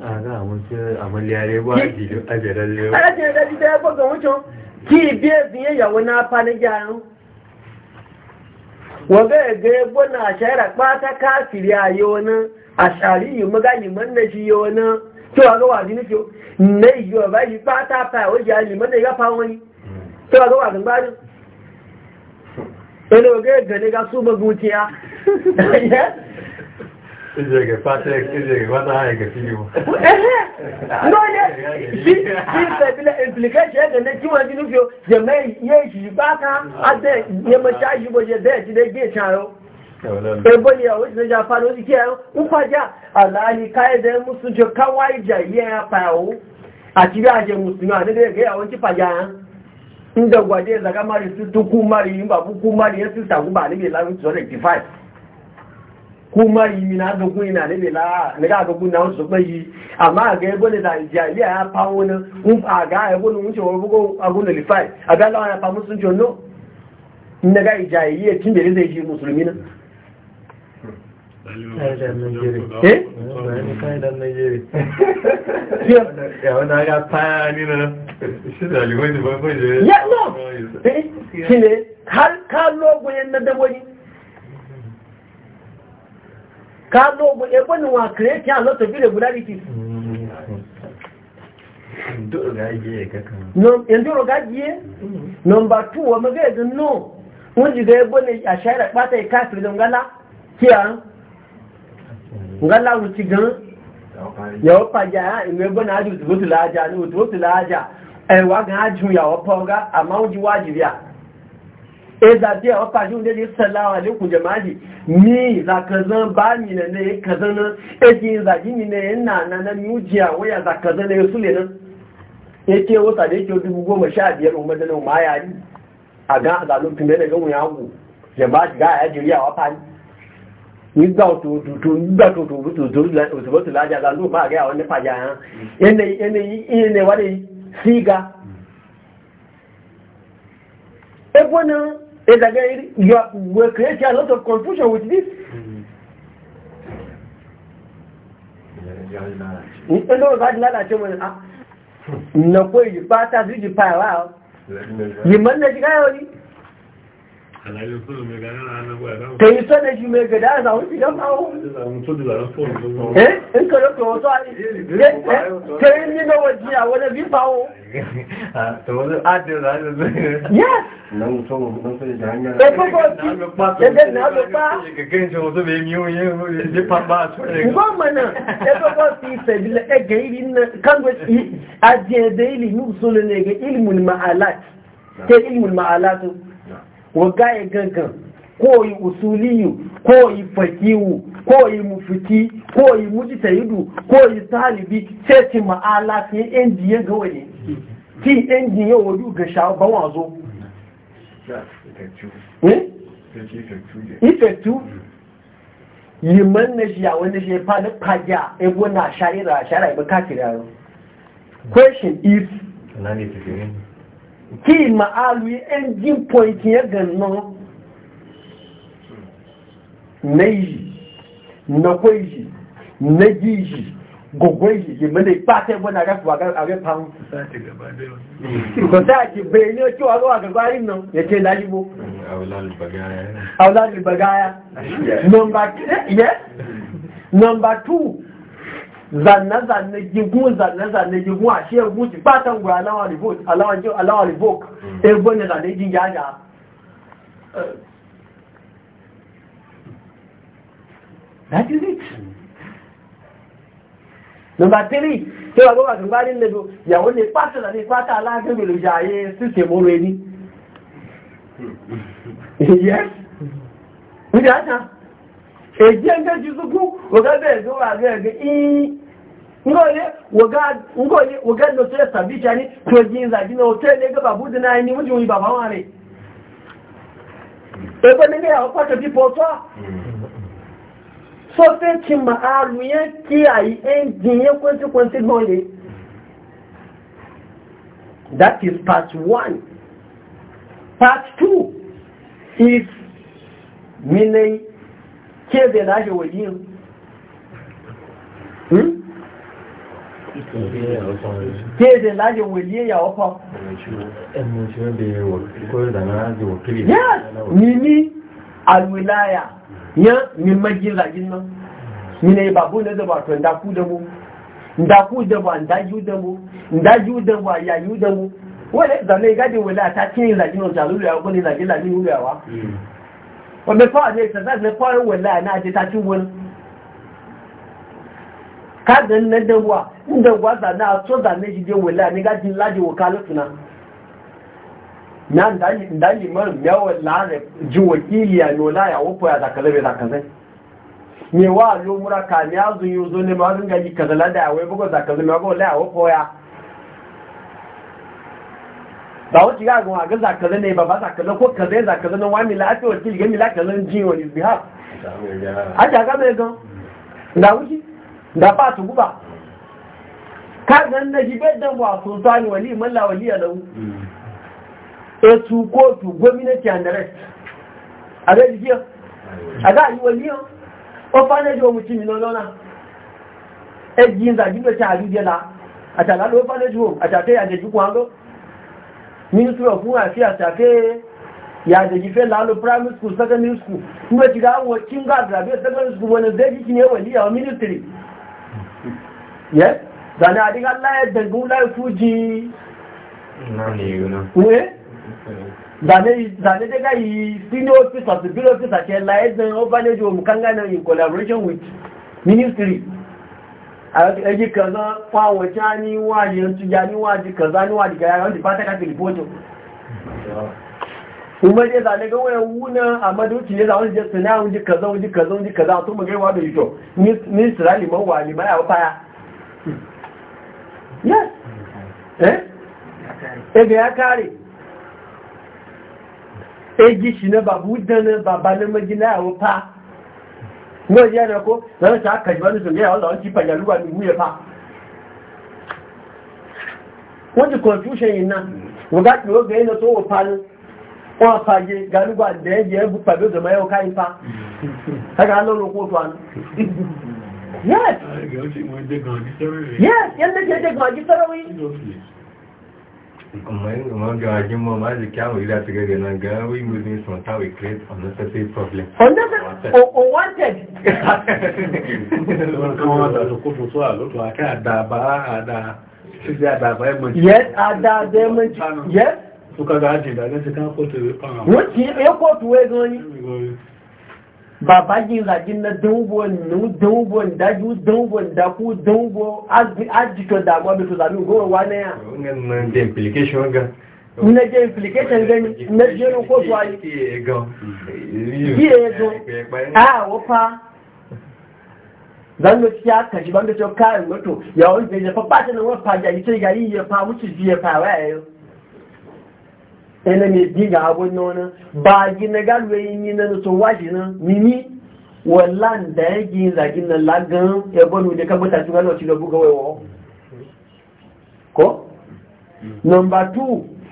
a ga mun ce amaliyare ba a jirin ajiyar a da ya gwaga wucin ki biye biye yawon na fanin ja yau waga ga yabo na ashara ɓata kafiri a yi wani ashari yi magayi manna shi yi wani to a gawa ji nufi na yi wa ba shi ɓata fa wajen ya liman da ya fa wani to a gawa ga suma Ejege fata ejege wata ha ga fiyo. No ne. Shi shi bila implication da ne kiwa dinu fiyo je mai ye shi baka ade ye ma ta shi boje de ti de ge charo. Ebo ni awo ti ja fa lo ti ke o pa ja ala ni kai e de musu jo kawai ja ye pa e o. Ati bi aje musu na de de ge ya ti pa ja. Ndogwa de zaga mari tutu ku mari mbabu ku mari yesu ta ku ba ni bi la 25. kuma yi mina ga guni ne la ne ga ga na wasu ba yi amma ga yabo ne da jaliya ya fa wani un a ga yabo ne mun ce wa bugo a guni lifai a ga ya fa musun ce ne ga jaliya tun da zai ji musulmi na eh kai da Najeriya ya wani ga fa ni na shi da liwai da ba ko je ya no shi eh? ne har ka logo yan na daboni ka zo bu ebo ni wa create ya lo to bi regularity no enduro gaje number 2 wa magaje no mun ji ga ebo ni a shaira bata ya kafir da ngala kiya ngala wuci gan ya opa ja ime ebo na aju tutu laja ni tutu laja e wa gan aju ya opa ga amount wajibi ya eza biya wa fashi wunde ne sallawa alaikum jama'i ni za ka zan ba ni ne ka zan nan eki za ji ni ne na na mujiya waya za zan ne su ne nan ya ce wata da yake dubu goma sha biyar umar da nan ma ya yi a ga a zalun tun daga wuya hagu jama'i ga ya jiriya wa fani nígbà tó tó òṣùgbọ́ tó lájá lálú máa gẹ́ àwọn nípa jà yán ẹni wà ní síga ẹgbọ́n náà It's like you are, we're creating a lot of confusion with this. Nítorí ọ̀gá ti lálàáṣẹ́ wọn náà, ìnàkó ìjìpá tàbí ìjìpá ẹ̀wà ọ̀. Yìí mọ́ ní ẹjì káyọ̀ tẹ̀yí sọ́dẹ̀ ju mẹ́gẹ̀ dáàzà ó ti dán máa ó ẹ́ ń kọ́ lókè ọ̀tọ́ tẹ̀yí nínú wọ́n jí àwọn ẹ̀lẹ́ bí pàó Gbọ́mọ̀nà ẹgbẹ́gbọ́ fi ìfẹ̀bílẹ̀ ẹgẹ̀ ìlú náà kángbẹ̀sì àjẹ́ ẹ̀dẹ̀ ìlú ní ìsúnlẹ̀ ẹgẹ̀ wagga ya gangan ko yi usuliyu ko yi fakiwu ko yi mufiki ko yi yudu, ko yi talibi sai ti ma'ala fi inji ya ga wani ti inji ya wadu ga shaban wazo ifetu eh? yi man na shi a wani shi ya na kagya ebo na shari'a sha'ira ibi e kakira question is kí màálù engine point yẹn gan-an méjì nàkó yìí méjì yìí gbogbo yìí yìí mẹ́lẹ̀ pàtẹ́ gbọ́nà àrẹ́pàá kò sáàtì bèèrè ní ojú ọlọ́wà gbogbo ìnà yẹ̀kẹ́ ìdájúgbó àwọlálùbàgáyà nọmbà 2 zanne-zanne gigun zanne-zanne gigun a ṣe egun ti pàtàkì gbà aláwọ̀ revoke hmm. egbó ni zanne jí yáyà that is it number three tí wà gbọ́gbà tó bá ní yàwó lè pàtàkì ní pátá aláàgbẹ̀lẹ̀ ṣàyẹ síse mú ní yes ní ìdájá èjì jù sókú ọ̀gá bẹ̀ẹ̀ ngole wagan da sai sabita ne to na hotel ne ga babu da nayi ni mujin baba wa ne e ba ne ya kwata bi foto so fe ki ma alu ye ki ai en jin ye kwenti kwenti mole that is part 1 part 2 is minai ke da lahi wayin hmm kéde láyé wèlé ìyàwó pọ̀. ẹmọ ṣe ń bèèrè wọ̀ kó ìdáná láti wọ̀ kiri. yẹ́ ni ní alwilaya yẹ́ ni majira jinna ni ne babu ne da ba to ndaku da mu ndaku da ba ndaju da mu ndaju da ba yayu da mu wale da ne gadi wala ta kin la jinna ta lulu ya ko ni la jinna ni lulu ya wa wa be fa ne ta da ne fa wala na ta ta tun wala Ka da kadan na dawa inda gwaza na so da ne jide wala ne ga jin laji wakalatu na na ndali ndali mar yawa la ne ji wakili ya no la ya wopo ya zakale be zakale ne wa lo mura ka ne azu yuzo ne ma ringa yi kazala da wai bugo zakale ma go la ya wopo ya ba wuce ga gwa ga zakale ne ba ba zakale ko kaza zakale na wani la ati wakili ga mi la kazan jin wani bihar a ta ga be ga da wuce da ba guba ka zan na shi bedan ba su wali malla wali ya lau hmm. e su kotu gwamnati and the rest a ga jikiya a ga yi wali yau o fana ji wa mutum yi e ji yin zagin da a duniya la a ta lalo fana ji wa a ta ta yadda jikun hango ministry of human affairs ta ta yaje gife lalo primary school secondary school kuma ga ga graduate secondary school wani zai wali wa ministry yẹ́ zane adiga laye dẹ̀gún láyé fújì zane dẹ́gá yi senior officer to bill officer ṣe láyé dẹ̀ ó omukanga in collaboration with ministry ẹjí kàzá fáwọn tí a ní wáyé tuya níwájí kàzá níwájí kàzá wọ́n ti bá tẹ́ka tẹ̀lé fójò a madauki ne zawon jesu na wunji kaza wunji kaza wunji kaza ya yes eh ebe ya kare eji shi na babu danin baba na magina ya wufa wọ́n yẹ́ ẹ̀rẹ́ kó na ṣe àkàjì wọ́n ní ṣògbé àwọn ọ̀lọ́run ti pàjálúwà ya ìwúyẹ fa wọ́n ti confusion yìí náà wọ́n gá pẹ̀lú ọgbẹ̀ iná tó wò pa ní wọ́n fàyè galúgbà dẹ́ẹ̀dẹ́ ẹ̀bù pàbí Yes. Yes, yadda ke daga wajen sarawi. Ìkùnmọ̀yìn ìmọ̀jọ ajímọ̀ máa jẹ́ kí àwọn ìlú àti gẹ́gẹ́ náà gan we will need some time we create unnecessary problem. Unwanted. Yes, àdàbà ẹmọ̀jì. Yes. Tukọ̀ gajì ìdàgẹ́ ti kán kó tèrè pàrọ̀. Wọ́n ti ẹkọ́ tuwẹ́ gan-an. bàbá yìí ìràjí na dánwò dangon da dájú dánwò dákú dánwò ájìtọ̀ dàmú abẹ́tò tàbí ògóòrò ya na je implication gan nẹ́jẹ́ implication yi nẹ́jẹ́ olùkóso ayé yí ẹ̀ẹ́gọ́ yi pa zango ci ya kashi bangacewa kayan mutu yawon zai jẹ́ fa ba ta nan wọ́n fa ce ita yi ya fa mutu ya fa yau ene mi diga abo wani, ba gi na galwe yin na to waji na mini wallan da yake zagi na lagan e bonu ka bota tuga no tilo buga ko number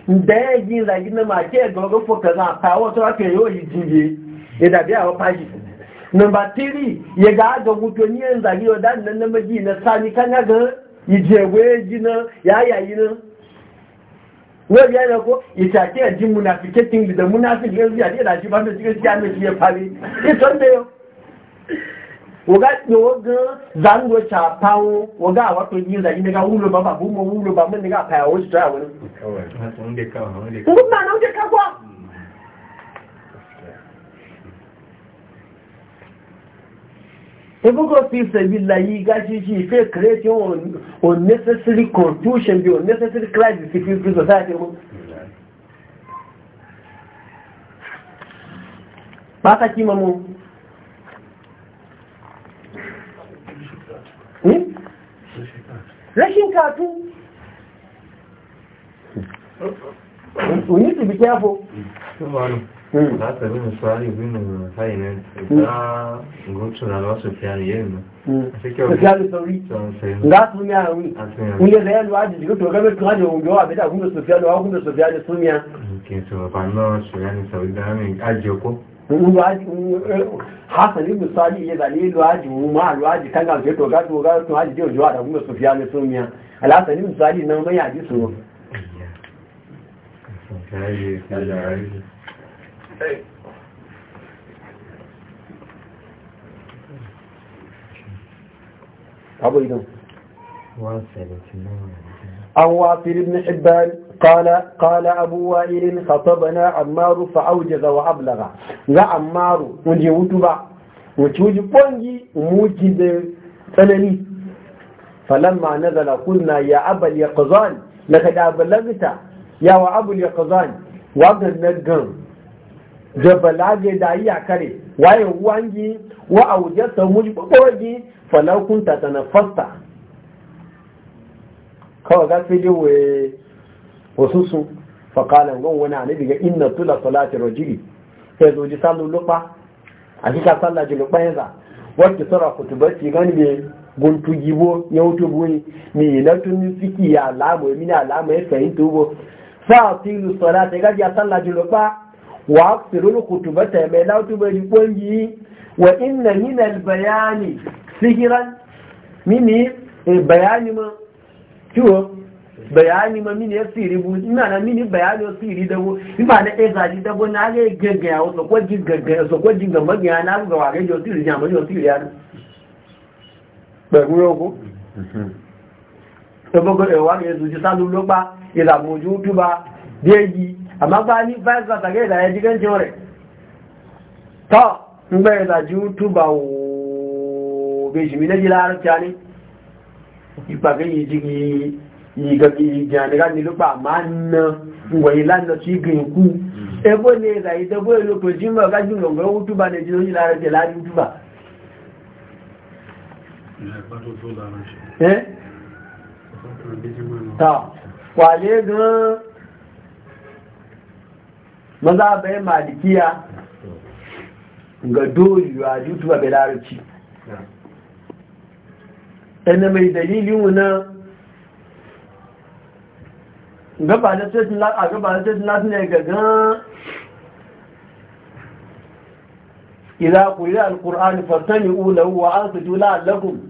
2 da yake zagi na ma ke gogo fo kaza pa wo to ake yo yi jibi e da bi awo paji number 3 ye ga ga guto ni en zagi o dan nan na maji na sani kan ga yi je we na ya yi na wọ́n yẹ́ ẹ̀kọ́ ìtàkì ẹ̀dí munafike tí ń lè munafi lè rí àdí ìdájú bá tó tíkẹ́ sí àmì ìyẹ parí ìtọ́lẹ̀ wọ́gán zango ṣàpáwọn wọ́gán àwọn tó yí ìdájí nígbà wúlò bàbá bú mọ́ wúlò bàbá nígbà àpàyàwó ṣìtọ́ àwọn Ibugo fi sabila yi gashi shi fe on necessary confusion be on necessary crisis fi fi society mu. Baka kima mu. Hmm? Rashin katu. Hmm. We need to be careful. Hmm. Láti ẹ̀bí mi sọ́rọ̀ ìbí mi rẹ̀ fáyé rẹ̀ ìgbà ìgbótù náà lọ́sọ̀ fi àrí yẹ́ mi. Sọ̀fíàlù sọ̀rí. Láti mi àrí. Ilé rẹ̀ lọ ájì jù tó rẹ̀ tó ájì òun yọ àbẹ́dà gúnbẹ̀ Sọ̀fíàlù àwọn gúnbẹ̀ Sọ̀fíàlù súnmíà. Kì í sọ̀rọ̀ bá náà ṣùgbọ́n ní sọ̀rí dáhàmì ájì ọkọ́. Hassan ibn Sali ya zane luwaji mu ma luwaji kan ga to ga to ga to haji jiyo da kuma Sufyan Sumiya Al-Hassan ibn Sali nan mai hadisi ne عن وافر بن حبان قال قال أبو وائل خطبنا عمار فأوجز وأبلغ لا عمار ونجي وطبع وتوجي بونجي وموجد فنني فلما نزل قلنا يا أبا اليقظان لقد أبلغت يا وأبو اليقظان وابن نجم da balaje da yi kare waye wangi wa aujasa muji kokoji falau kunta tanafasta kawai ga sai dai waye wasu su faqalan gon wani annabi ga inna tula salati rajuli sai zo ji sallu lupa a kika sallah ji lupa yanzu wacce sura kutubati gani be guntu gibo ya wuto buni ni na tun siki ya alamu mina alamu ya fahimta ubo sa tilu salati ga ya sallah ji lupa wa aksirul khutubata mai lautu bai kwangi wa inna min al bayani sihiran mini bayani ma ciwo bayani ma mini siri bu ina na mini bayani siri da bu in ba na eza na ga gaggaya wa so kwaji gaggaya na ga wa ya salu lo ba ila mu ju ba deji amma ba ni ba za ta gaida ya jigan jore ta in bai da jutu ba o shi mina jila har tani ipa yi jigi yi ga yi jani ma na ngwa yi ci gin ebo ne da yi dabo yi lupa jin ba ga jin ngwa ba ne jino jila har tela ni wutu ba ta kwale gan maza bai malikiya ga doriwa yutuba bai larabci ɗana mai dalilin wuna gaba da tattalin latin ne gagan إذا قرئ القرآن فاستمعوا له وأنصتوا لعلكم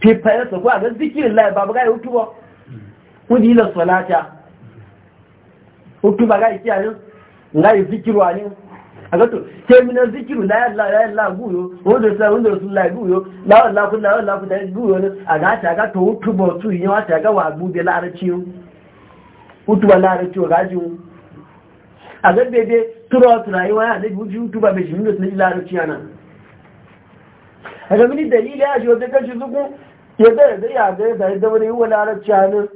fifayensa ko a ga zikirin laye ba ga hutu ba kudi ila salata hutu ba ga ikiya yin ga yi zikiru a yin a ga to ke mina zikiru laye la laye guyo wanda sai wanda su laye guyo la wala kun la wala kun guyo ne a ga ta ga to hutu ba su yi wata ga wa gube la hutu ba la ga ji a ga bebe turo rayuwa ya da hutu ba shi a ga mini dalili ya ji wata kashi zuku ya da yadda ya ga yadda yadda wani yiwu larabci hannun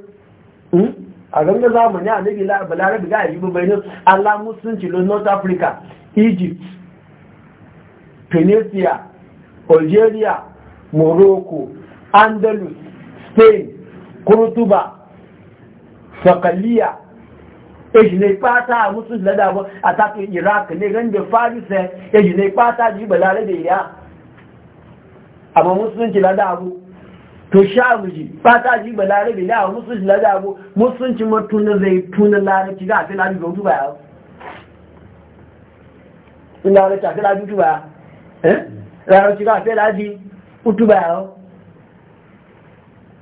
hmm? a ganga zamani a nabi balarabi ga yi babainin allah musulunci lo north africa egypt tunisia algeria morocco andalus spain kurtuba sakaliya eji eh, ne pata a musulunci ladabo a tafi iraq ne ganda farisa eji eh, ne pata ji balarabi ya amma musulunci ladabo to sha miji fata shi ba larabi da musulunci la zabo musulunci matuna zai tunan larabci ga fi larabci gautu ba ya larabci a fi larabci ba ya eh? larabci ga fi larabci utu ba ya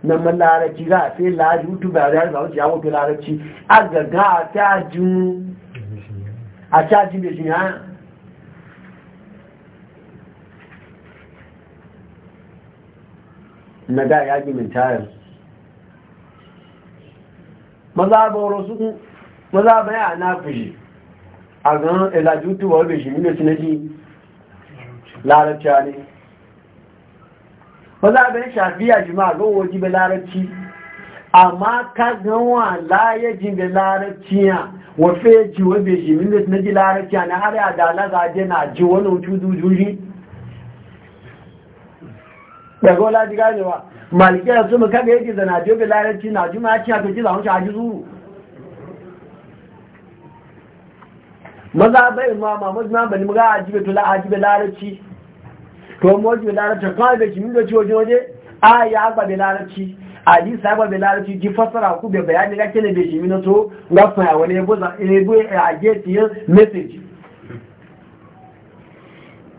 na ma larabci ga fi larabci utu ba ya larabci wuce ya wuce larabci a gaga a cajin a cajin da shi ya na da ya ji mintayar maza ba ya na fushi a ganin ilajutu wabe shi mino sinaji ne maza ba ya shafiya ma ga waji larabci amma ka ganwa layaji bai larabci ya wafe ji wabe shi mino sinaji larabci na har yada alaza je na ji wani wucu daga wala ji ba malike da su mu kaga yake da najo bi larabci na juma ya ci a ji a ji zuru maza bai ma mamud na bani mu ga ajibe to la ajibe larabci to mu ajibe larabci kawai bai kimi da ci waje waje a ya haɓa bi larabci sa haɓa bi larabci ji fasara ku bai bayani ga kene bai kimi na to ga fa wani bu za ebo a yin message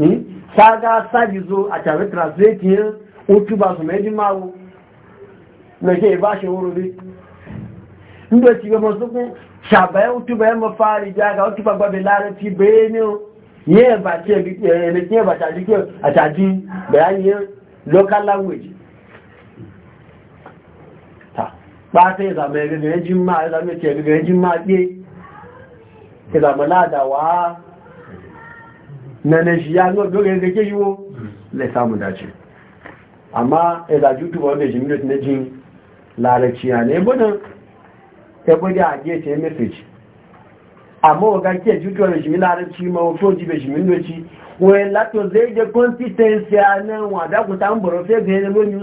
Hmm? saga sajizo a tare translating otu ba su meji mawu na ke ba shi wuri inda ci gaba su kun shabayan otu bayan mafari jaga otu ba gbabe larabci eh, bayanin yin ba ce rikin ba a caji bayanin local language ta ba ta yi zama ya gagajin ma ya zama ya ce gagajin ma ke, ya zama ladawa na na shi ya zuwa dole da ke yiwo hmm. zai samu dace amma ya da jutu wanda shi minute na jin larabci ya ne bude ya bude a ke ce message amma ga ke jutu wanda shi min larabci ma wato ji bai shi min doci Wani lato zai je consistency a nan wada ku ta mboro fe ga yana gani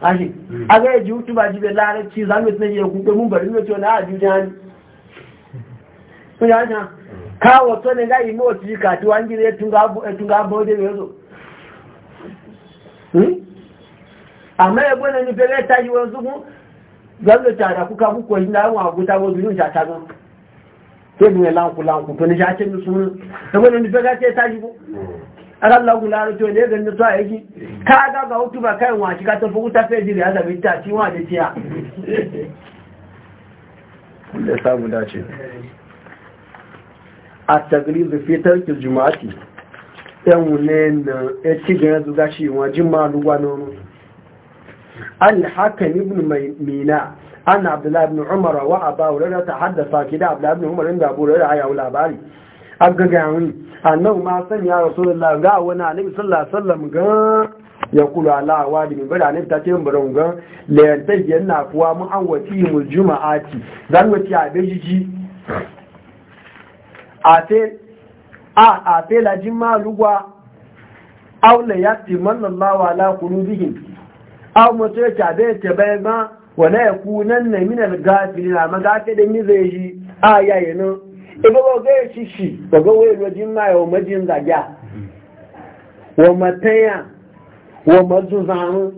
ashi hmm. aga ya jutu ba ji bai larabci zamu tsaye ku ko mun bari ne to na ajujan ku ya ja káwọ̀ tó ní láyé mọ́ ti kà tí wọ́n gírí ẹtùngá bọ́ọ̀dé rẹ̀ rò àmọ́ ẹgbẹ́ náà ní bẹ̀rẹ̀ tàyí wọn súnkún gbọ́nà tààrà kúkà púpọ̀ yìí láwọn àgúta wọn bìí ìjà tagbọ́ tẹ́bù rẹ̀ láǹkù láǹkù tó ní ṣe àṣẹ mi súnmọ́ ẹgbẹ́ náà ní bẹ̀rẹ̀ tẹ́ tàyí bú aláàlọ́gùn láàrín tó ní ẹgbẹ́ tó àyíkí káàgbà a tagrizu fitar tarki juma'ati yan ne na ya ci gane zuga shi wajen maluwa na wani alhakan ibn mina an abdullahi ibn umar wa aba wurare ta haddasa ki da abdullahi ibn umar inda abu wurare a yawo labari an gaga yawon annan ma san ya rasu da ga wani alibi sallallahu sallam ga ya kula ala wadi min bada ne ta ce mun bara ga layantai yana kuwa mun an wati mu juma'ati zan wati a bejiji a fe lajin maluwa aula ya ti mallallawa kunu kulubihim au mutu ya tabe ta bai ma ku nan na min al-ghafilin amma da mi zai yi a yayi nan ibo ba ga shi shi ba ga wai lajin ma yau majin zagya wa mataya wa mazuzanu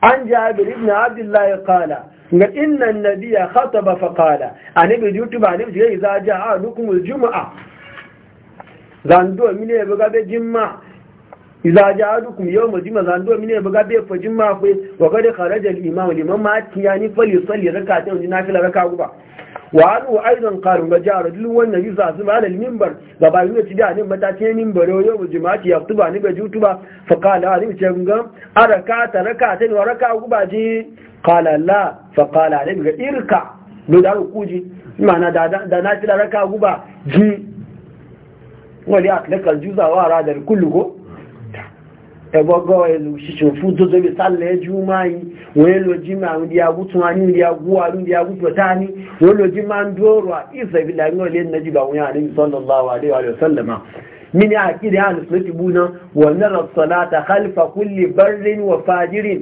an jabir na Abdullahi kala ga innan nabiya khataba fa qala anabi youtube anabi je za ja a hukumul jumaa zando mine buga be jimma idza ja'adukum yawm jimma zando mine buga bai fa jimma fa wa qad kharaja al imam liman ma tiyani fa yusalli rak'atayn na fila rak'a guba wa anu aidan qalu ga ja'a rajulun wan su ba alaihi minbar ga ba yuti da ne mata ce minbar yawm jima'ati yaktuba ne be youtube fa qala alim ce ga arakata rak'atayn wa rak'a guba ji qala la fa qala alim ga irka do da kuji ma'ana da na fi raka guba ji wali atlaka juza wa rada kullu ko ẹgbọ́gọ́ ẹlù ṣíṣùn fún sálẹ̀ máa yìí wọ́n jí máa ń di agútún wa ní ìdí agúwà ní ìdí ní wọ́n jí máa ń dóòrò nàìjíríà yà ní mini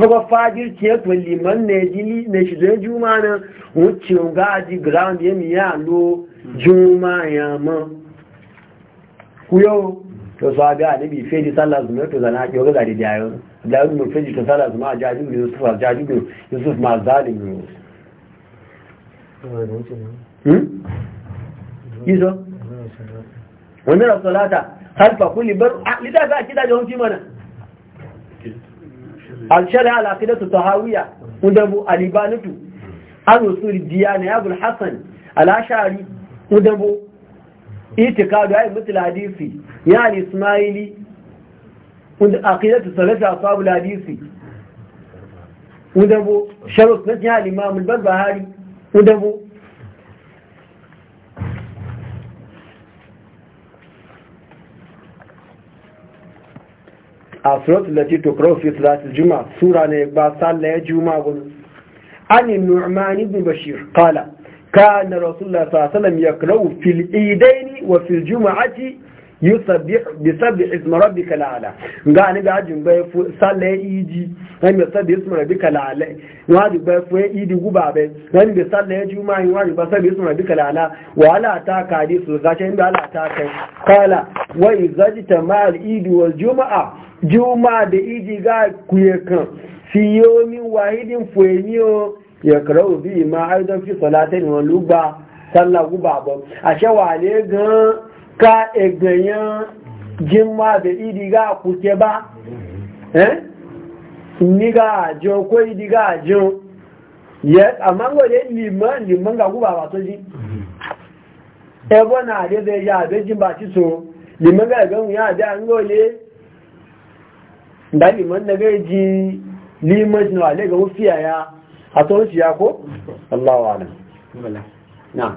daga fajirci ya tulli man ne jili ne shi zai juma na wuce gaji ground ya mi ya lo juma ya ma ku yau to sa ga alibi feji sallah zuma to zana ki ga da yayo da mu feji to sallah zuma a jaji yusuf a jaji yusuf ma zalim ne yiso wannan salata halfa kulli bar lidaka kida jawon mana al-shari'a al-aqidatu tahawiyya udabu al-ibanatu al-usul diyana abul hasan al-ashari udabu itikadu ay mutul hadisi ya al-ismaili und aqidatu salatu ashab al-hadisi udabu sharh nasiha al-imam al-barbahari udabu a suratul lati tukraw fi salatil juma'a sura ne ba sallah juma'a gun an nu'man ibn bashir qala kana rasulullah sallallahu alaihi wasallam yakrahu fil idaini wa fil juma'ati bisabbi isma rabbika la'ala ga ni ga jin bai fu sale iji ai mi sabbi isma rabbika la'ala wa bai fu idi bai dan bi sale juma yi wa ji ba sabbi wa ala ta ka di su ga shin da ala ta kai kala wa izajta ma al idi juma'a juma'a da iji ga kuyekan fi yomi wahidin fueniyo ya karau bi ma aidan fi salatin ba gan ka eganyen jimma da idi ga kuke ba eh ni ga jo ko idi ga jo ya amma go le ya liman ba to ji e bona de ya be jimba ti so liman nga ga ya da an go da liman ga ji liman no ale ga ufiya ya atọ to ya ko Allahu a'lam na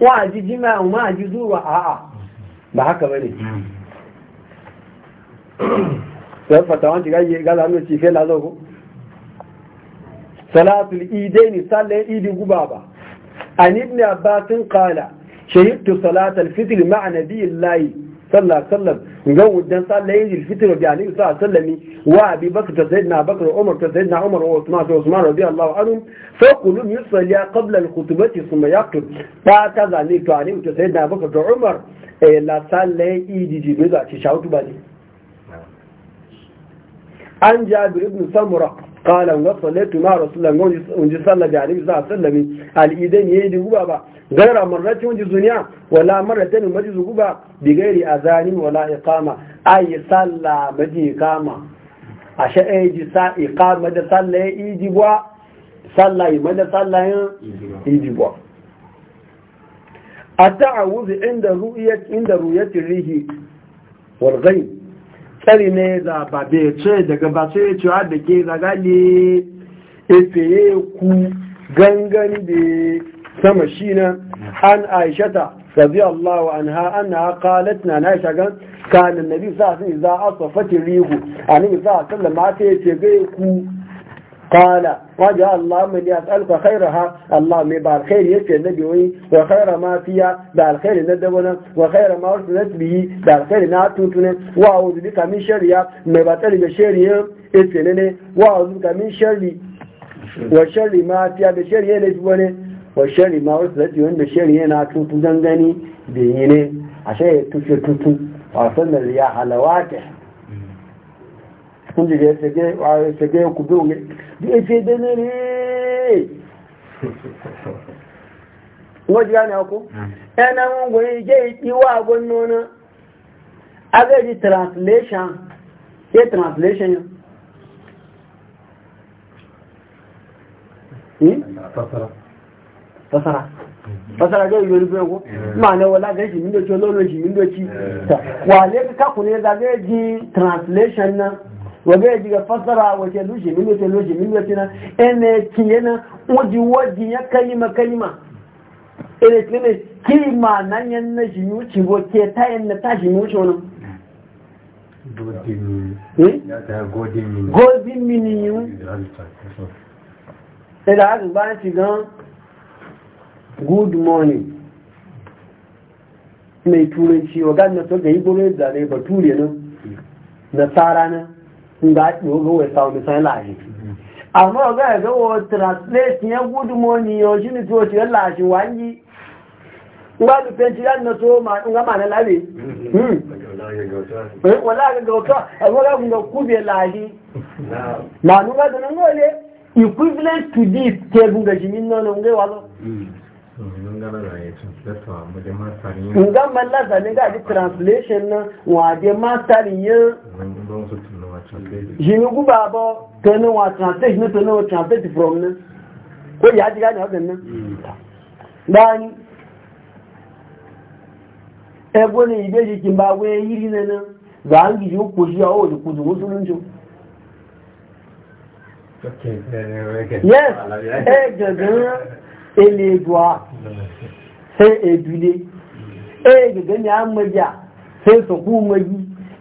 wa ji jima ma ji zuwa a'a ba haka bane sai wani shiga yi gaza mu cife na zo ko salatul ne sallan idin gubaba an ibn abbas kala shahidtu salatul fitil ma'a nabiyillahi sallallahu alaihi wasallam ga wudan sallah yin fitr bi alaihi sallam wa abi bakr ta sayyidina bakr umar ta sayyidina umar wa usman ta usman radiyallahu anhum fa kullu yusalli qabla al khutbati thumma yaqtul ta ta zani to alim ta sayyidina bakr ta umar eh la sallah idi jibe za ci shautu bali an jabir ibn samura qala wa sallatu ma rasulullah ngon unji salla da ali sa sallami al idan yayi guba ba gaira marrati unji zuniya wala marratan maji guba bi gairi azani wala iqama ay salla maji iqama ashe eji eh, sa iqama da salla iji wa salla imada salla iji wa التعوذ عند رؤية عند رؤية الريح والغيب tsari ne da ba bai ce daga ba sai cewa da ke ya efeye ku gangan da sama shi na an aishata sabi Allah wa anha ha qalat na na shagan kanin nabi sa sun za asfafati rihu annabi sa sallama ta ce ga ku قال رجع الله من يسألك خيرها الله ما خير يكفي النبي وي وخير ما فيها خير ندبنا وخير ما أرسلت به خير ناتوتنا وأعوذ بك من شرها ما بطل بشرها إتنني وأعوذ بك من شر وشر ما فيها بشرها نتبنا وشر ما أرسلت به بشرها ناتوتنا دنغني عشان تفير تفير وصلنا الرياح على واكح kunji ga tsage wa tsage ku bi e ne bi ce da ne ne ne ko ena mun go je gonno na aga translation ke translation hmm fasara fasara ga ko ma wala ga shi min do ci lolo ci wa ne ka ku ne da translation na wage diga fasara wace lushi min wace lushi min wace na wọ́n di wọ́n di ya kalima kalima ene kiyena kima nan yan na ní yuci bo ke ta yan na ta shi yuci wani godin mini hmm? gan good morning mai turanci wa gan na so ga yi na tsara na. nga ɗi ogo wai sa san lashi amma oga ya ga wo e translate ya gudu moni yo shi ni to ti e lashi wangi nga du penci ya na to ma nga ma na labe hmm eh, wala ga gauta amma ga ga e kube lashi ma nu ga da nan gole equivalent to this ke bunga jimin nan nga wazo? nga malla zane ga di translation na wade mastari ya jini guba ba tani wa translation tani wa translate from na ko ya ji gani na nan dani ebo ne ibe ji kin ba we yiri na na ga an gi ko shi awo di kudu musulunci eh, eh, eh, yes eh gagan eleduwa sai edule e ne an magiya sai saku magi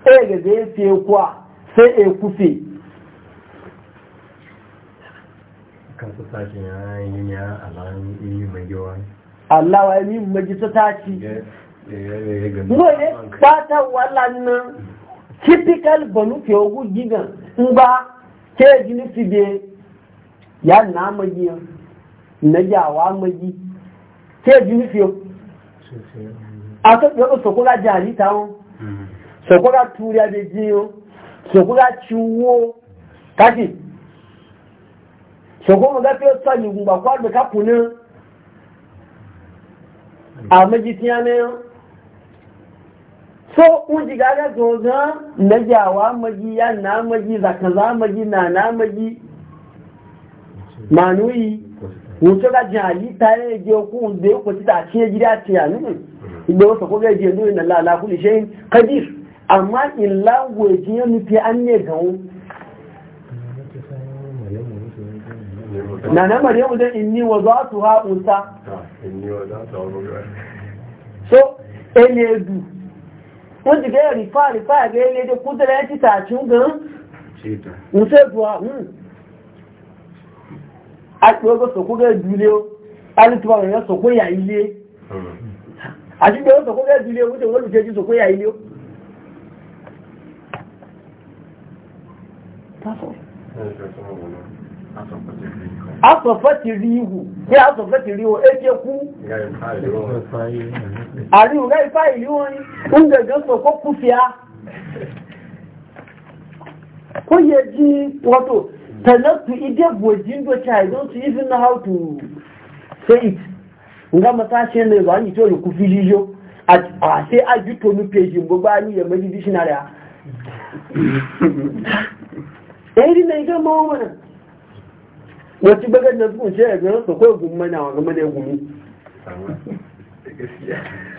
e gaga ya fiye kuwa sai e kufe kansu sashen ya yi ya alamun imi magiwa Allah wa imi magi ta tashi Nwere fata walannan typical banu ke ogu gidan in ba ke jini fi ya na magiyan na yawa magi ke ji nufiyo a to ɗaya sokola jari ta wọn mm. sokola turiya da jiyo sokola ciwo kashi sokola ga fiye sa yi gungba kwalbe kakunan a magi tiya na yau so un jiga ga zoga na yawa magi ya na magi zaka magi na na magi manuyi wuce ga jihali ta yi je ku da ku ci ta ce gida ce ya nuna inda wasa ko ga je nuna la la Kuli shay'in qadir amma illa waje ya nufi an ne ga wu na na maryamu dan inni wa zatu ha unsa so eledu wọ́n ti gẹ́rẹ̀ rífà rífà gẹ́rẹ́ lédè kúdẹ̀rẹ́ títà tún gan-an. ṣe àti ọgọ́ sọ̀kúrẹ́ ìdílé alìtúwà rẹ̀ sọ̀kúrẹ́ ilé àti ọgọ́ sọ̀kúrẹ́ ìdílé oúnjẹ olóòjẹ́ jí sọ̀kúrẹ́ ilé asọ̀fẹ́ ti rí ihu ní asọ̀fẹ́ ti rí o éjẹ́ kú àríwù rẹ̀ ifá ìlú wọn ń gẹ̀gẹ́ sọ̀kọ́ kú fíà kó yẹ jí wọ́tò tanattu ide bojin do cha don to even know how to say it nga mata she ne ba ni ku a se a ju to nu page mbo ba ni ya mali dictionary a eri ne ga mo wana wati baga na su ce ga so ko ma na wa ma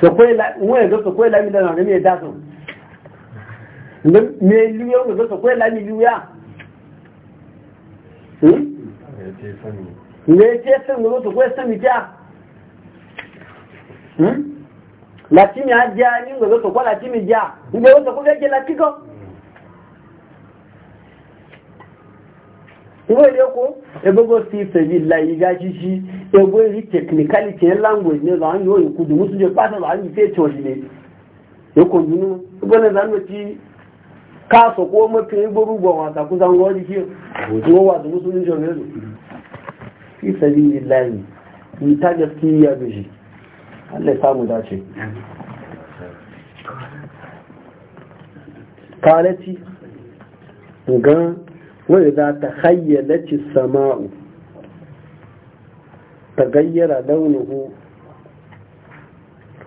so ko la ga so ko la mi da na ne da so liyo ga so ko la mi liyo ya ne hmm? ce sun gudu su kwai sun mikiya lati mi ajiya ni ngwe to kwa lati mi ja ngwe to kwa ke lati ko ngwe le ko e si se bi la iga jiji e bo technicality en language ne lan yo ku musu je pa ta ba ni fe to ni e ko nunu bo ti kaso ko mafi gburugbun wasa kusan gwaji fiye ko wasu musulun jami'u fi sabi lillahi in ta gaskiya da shi ya samu dace kalati gan wani za ta hayyalaci sama'u ta gayyara launuhu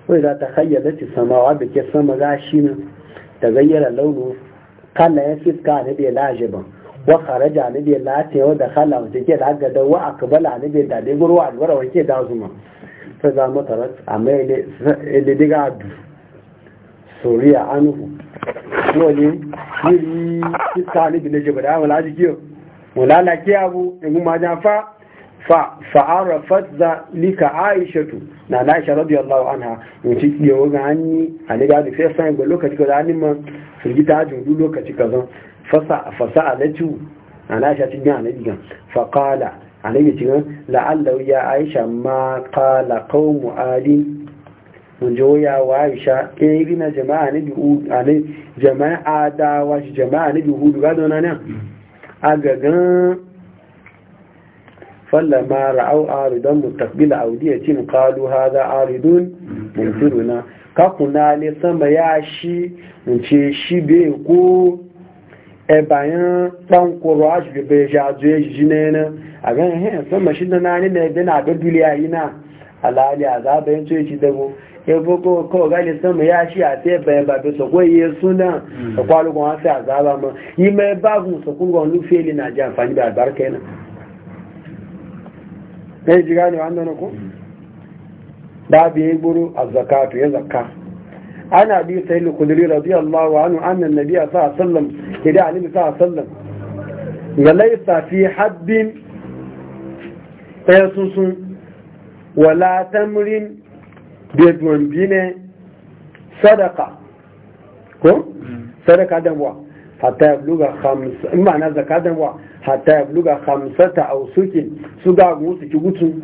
wani za ta hayyalaci sama'u abin ke sama gashi nan ta gayyara launuhu kana ya fiska ne bai laje ba, wa kharaja ne bai lati wa da khala wa take da gada wa akbala ne bai da dai gurwa alwara wa ke da zuma ta za mu tarat amma ile ile diga adu soriya anu no ne yiri fiska ne bai laje ba wala jiyo wala la ke abu in ma ja fa fa da lika aishatu na na aisha radiyallahu anha mutum yawo ga hannu a daga da sai san ga lokaci ga ma. firgita hajjin duk lokaci kazan fasa alatu ana aisha cikin yana digan faƙala a nage cikin la'allau ya aisha ma ƙala kawo mu'adin mun ya wa aisha ke rina jama'a na bihu bi jama'a adawa shi jama'a na bi hudu gado na nan a gagan falla ma ra'au aridon mustaqbil audiyacin qalu hadha aridun mm. mumtiruna kakuna ne sama ya shi ce shi bai ko e bayan dan koro a shi bai ja zo ya ji na a gan he sama shi na nani ne da na ga duniya ina alali azaba yin ce shi dago e boko ko ga ne sama ya shi a te bai e ba be so ko ye suna ko hmm. e kwalu ko an sai ma yi mai ba so kun gon lu feli na ja amfani da albarka ina ne ji gane wannan ko babu ya a zakatu ya zakka ana bi sai lukudiri radiyallahu anhu annan nabi a sa'a sallam ke da alibi sa'a sallam ga fi habbin ɗaya wala tamrin bedouin bine sadaka ko sadaka danwa hatta ya bluga hamsa ma'ana zakka danwa hatta ya bluga hamsata a suke su ga gusu ki gutun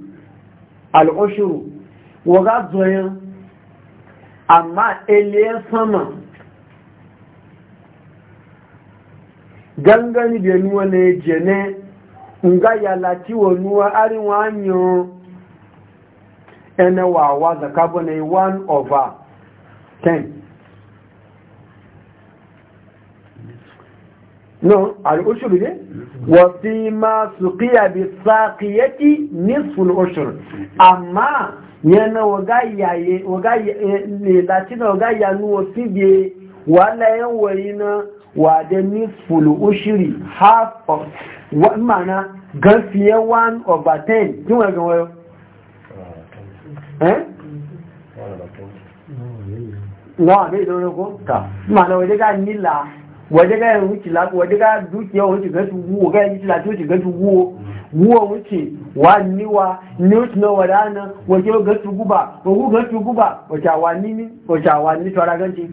al'ushuru waga zoyin amma iliyan sama gangani da nuwa na jene nga yalati wa nuwa arewa anyo ene wawa zaka bane 1 over ten. no al'ushuru ne wa fi ma su suqiya bi saqiyati nisfu al'ushur amma yana waga yaye waga eh, ne latina waga ya nu wa fi bi wala yan wayina wa da nisfu al'ushuri half of wa mana gafiye one over 10 kin wa ga wayo eh wa ne don ko ta mana waje ga nila waje ga wuce lafi waje ga dukiya wuce ga tugu ga yi tilati wuce ga tugu guwa wuce wa niwa ni wuce na wadana waje ga tugu ba wagu ga tugu ba wace wa ni ni wace wa ni tara ganci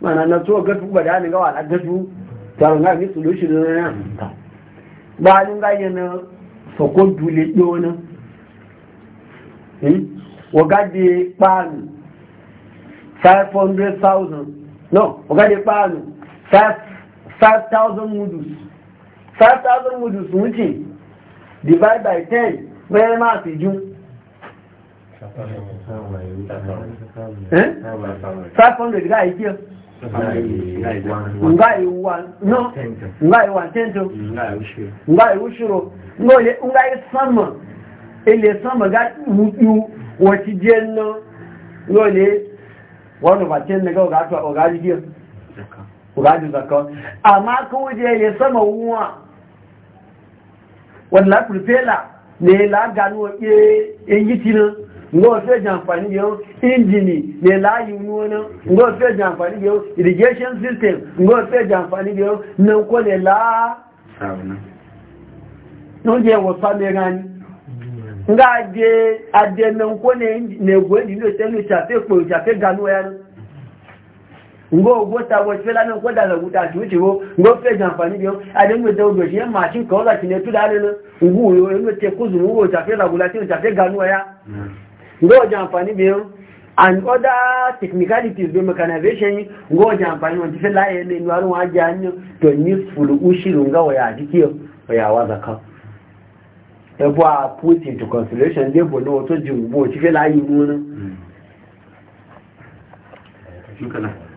mana na so ga tugu guba da ni ga wala ga tugu tara ga ni solution na na ba ni ga yana soko dule dona eh hmm? waga de pan 500,000 no waga de panu 5,000 mudus 5,000 mudus wuce divide by 10 bayan ma fi ju 500 ga ikiyar ngai wa wa tento ngai ushiro no sama ele sama ga wudu wati jenno no le wono ba tenne ga ga rajin zakka amma kan ya sama wuwa wanda furfela ne la gano ke yi tinan ngo fe jamfani yo injini ne la yuno no ngo fe jamfani yo irrigation system ngo fe jamfani yo nan ko ne la sauna no je wo sa ne gani nga je ade nan ko ne ne gwe ni lo tenu cha po cha gano ya ngo ogota wo fela no kwada na guta tuti wo ngo fe jamfani biyo ade ngo de ogo je ma tin ko la tin tu dale no ngu yo e ngo te kuzu wo ta fe la ta fe ganu ya ngo jamfani biyo and other technicalities be mechanization ngo jamfani won ti fe la ye le ni to useful ushiru nga wo ya dikiyo ya wa e a put into consideration de bo no to ji ti fe la yi mu no hmm. eh,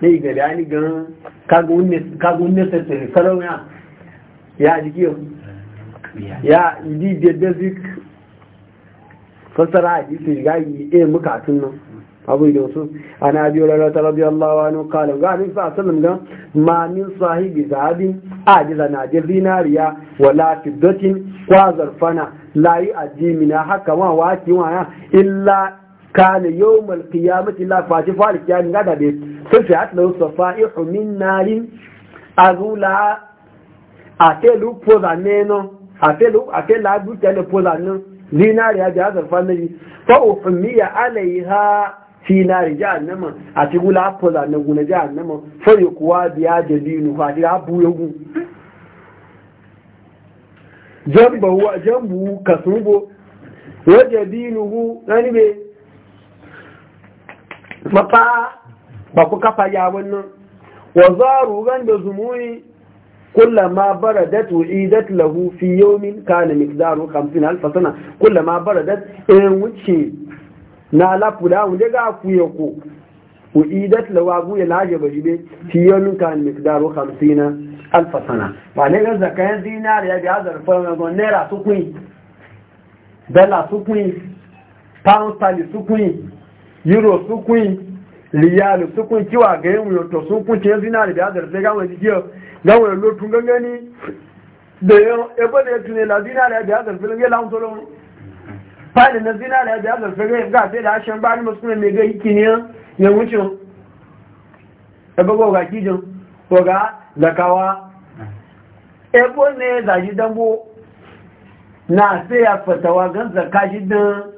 sai ga dani gan kagun necessary salon ya ya jiki ya idi da basic fasara hadisi ga yi eh mukatun nan abu da wasu ana biyo lalata radiyallahu anhu qala ga ni sa sallam ga ma min sahibi zabi ajiza na da zinariya wala fiddatin kwa fana la yi ajimina haka ma wa waki wa illa kana yawmal qiyamati la fati fal kiyam gada be sai fi atla safaihu min narin azula atelu pozaneno atelu atela du tele pozaneno zinari ya jihar zarfan nabi fa umiya alaiha fi nari jahannama a ti gula apola na guna jahannama fa yi kuwa biya da linu fa ti abu ya gu jambu kasungo wajen linu gu nani be mafa ba ku kafa ya wannan wa zaru gan da zumuni kullama baradat uidat lahu fi yawmin kana miqdaru 50000 sana bara baradat in wuce na lafula wanda ga ku yako idat lahu abu ya laje bajibe fi yawmin kana miqdaru 50000 sana ba ne ga zakayan dinar ya ga zarfa ga naira sukuni dala sukuni pound sterling sukuni euro sukun riyalu sukun kiwa ga yin wuyoto sukun ce zinari da adar sai gawon jikiyo gawon lotun gangani da yau ebe da ya tune la zinari da adar filin ya lamun tolon Fadi na zinari da adar filin ga sai da ashen bani masu ne mai ga ikiniya ya wucin ebe ga ga kijin ko ga zakawa ebe ne zaji dambo na sai ya fatawa gan zaka shi dan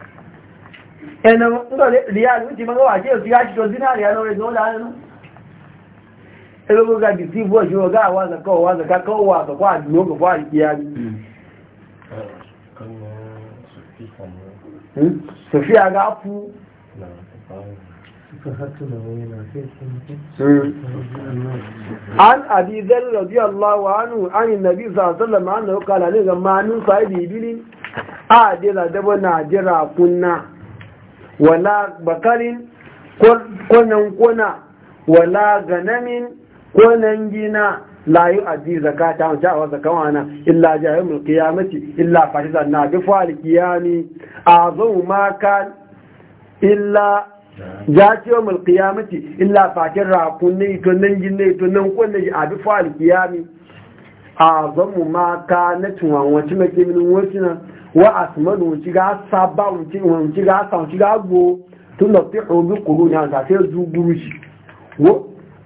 ẹnu ńgọ̀lẹ̀ ríàlì àwọn àzàkọ́ wà àzàkọ́ wà àzàkọ́ àdúgbò kọ̀kọ́ àríkíyàrí sọ̀fí àgá fú an abi zan rabi Allah wa hannu an yi nabi sa'asalla ma'an da hukala a jira dabo na jira wala bakarin konan kona wala ganamin konan gina la aji zakata wa sha'awa zakawa na illa jayen mulki ya mace illa fahimta na bi fa'al kiyami a zau maka illa ya ce wa mulki ya mace illa fakin rakun ne gina ito kwanan a bi a zau na tunawa wacce mace wacce wa asmanu wuci ga saba wuci ga sa wuci ga gbo tun da fi hobi kuru ne a zafi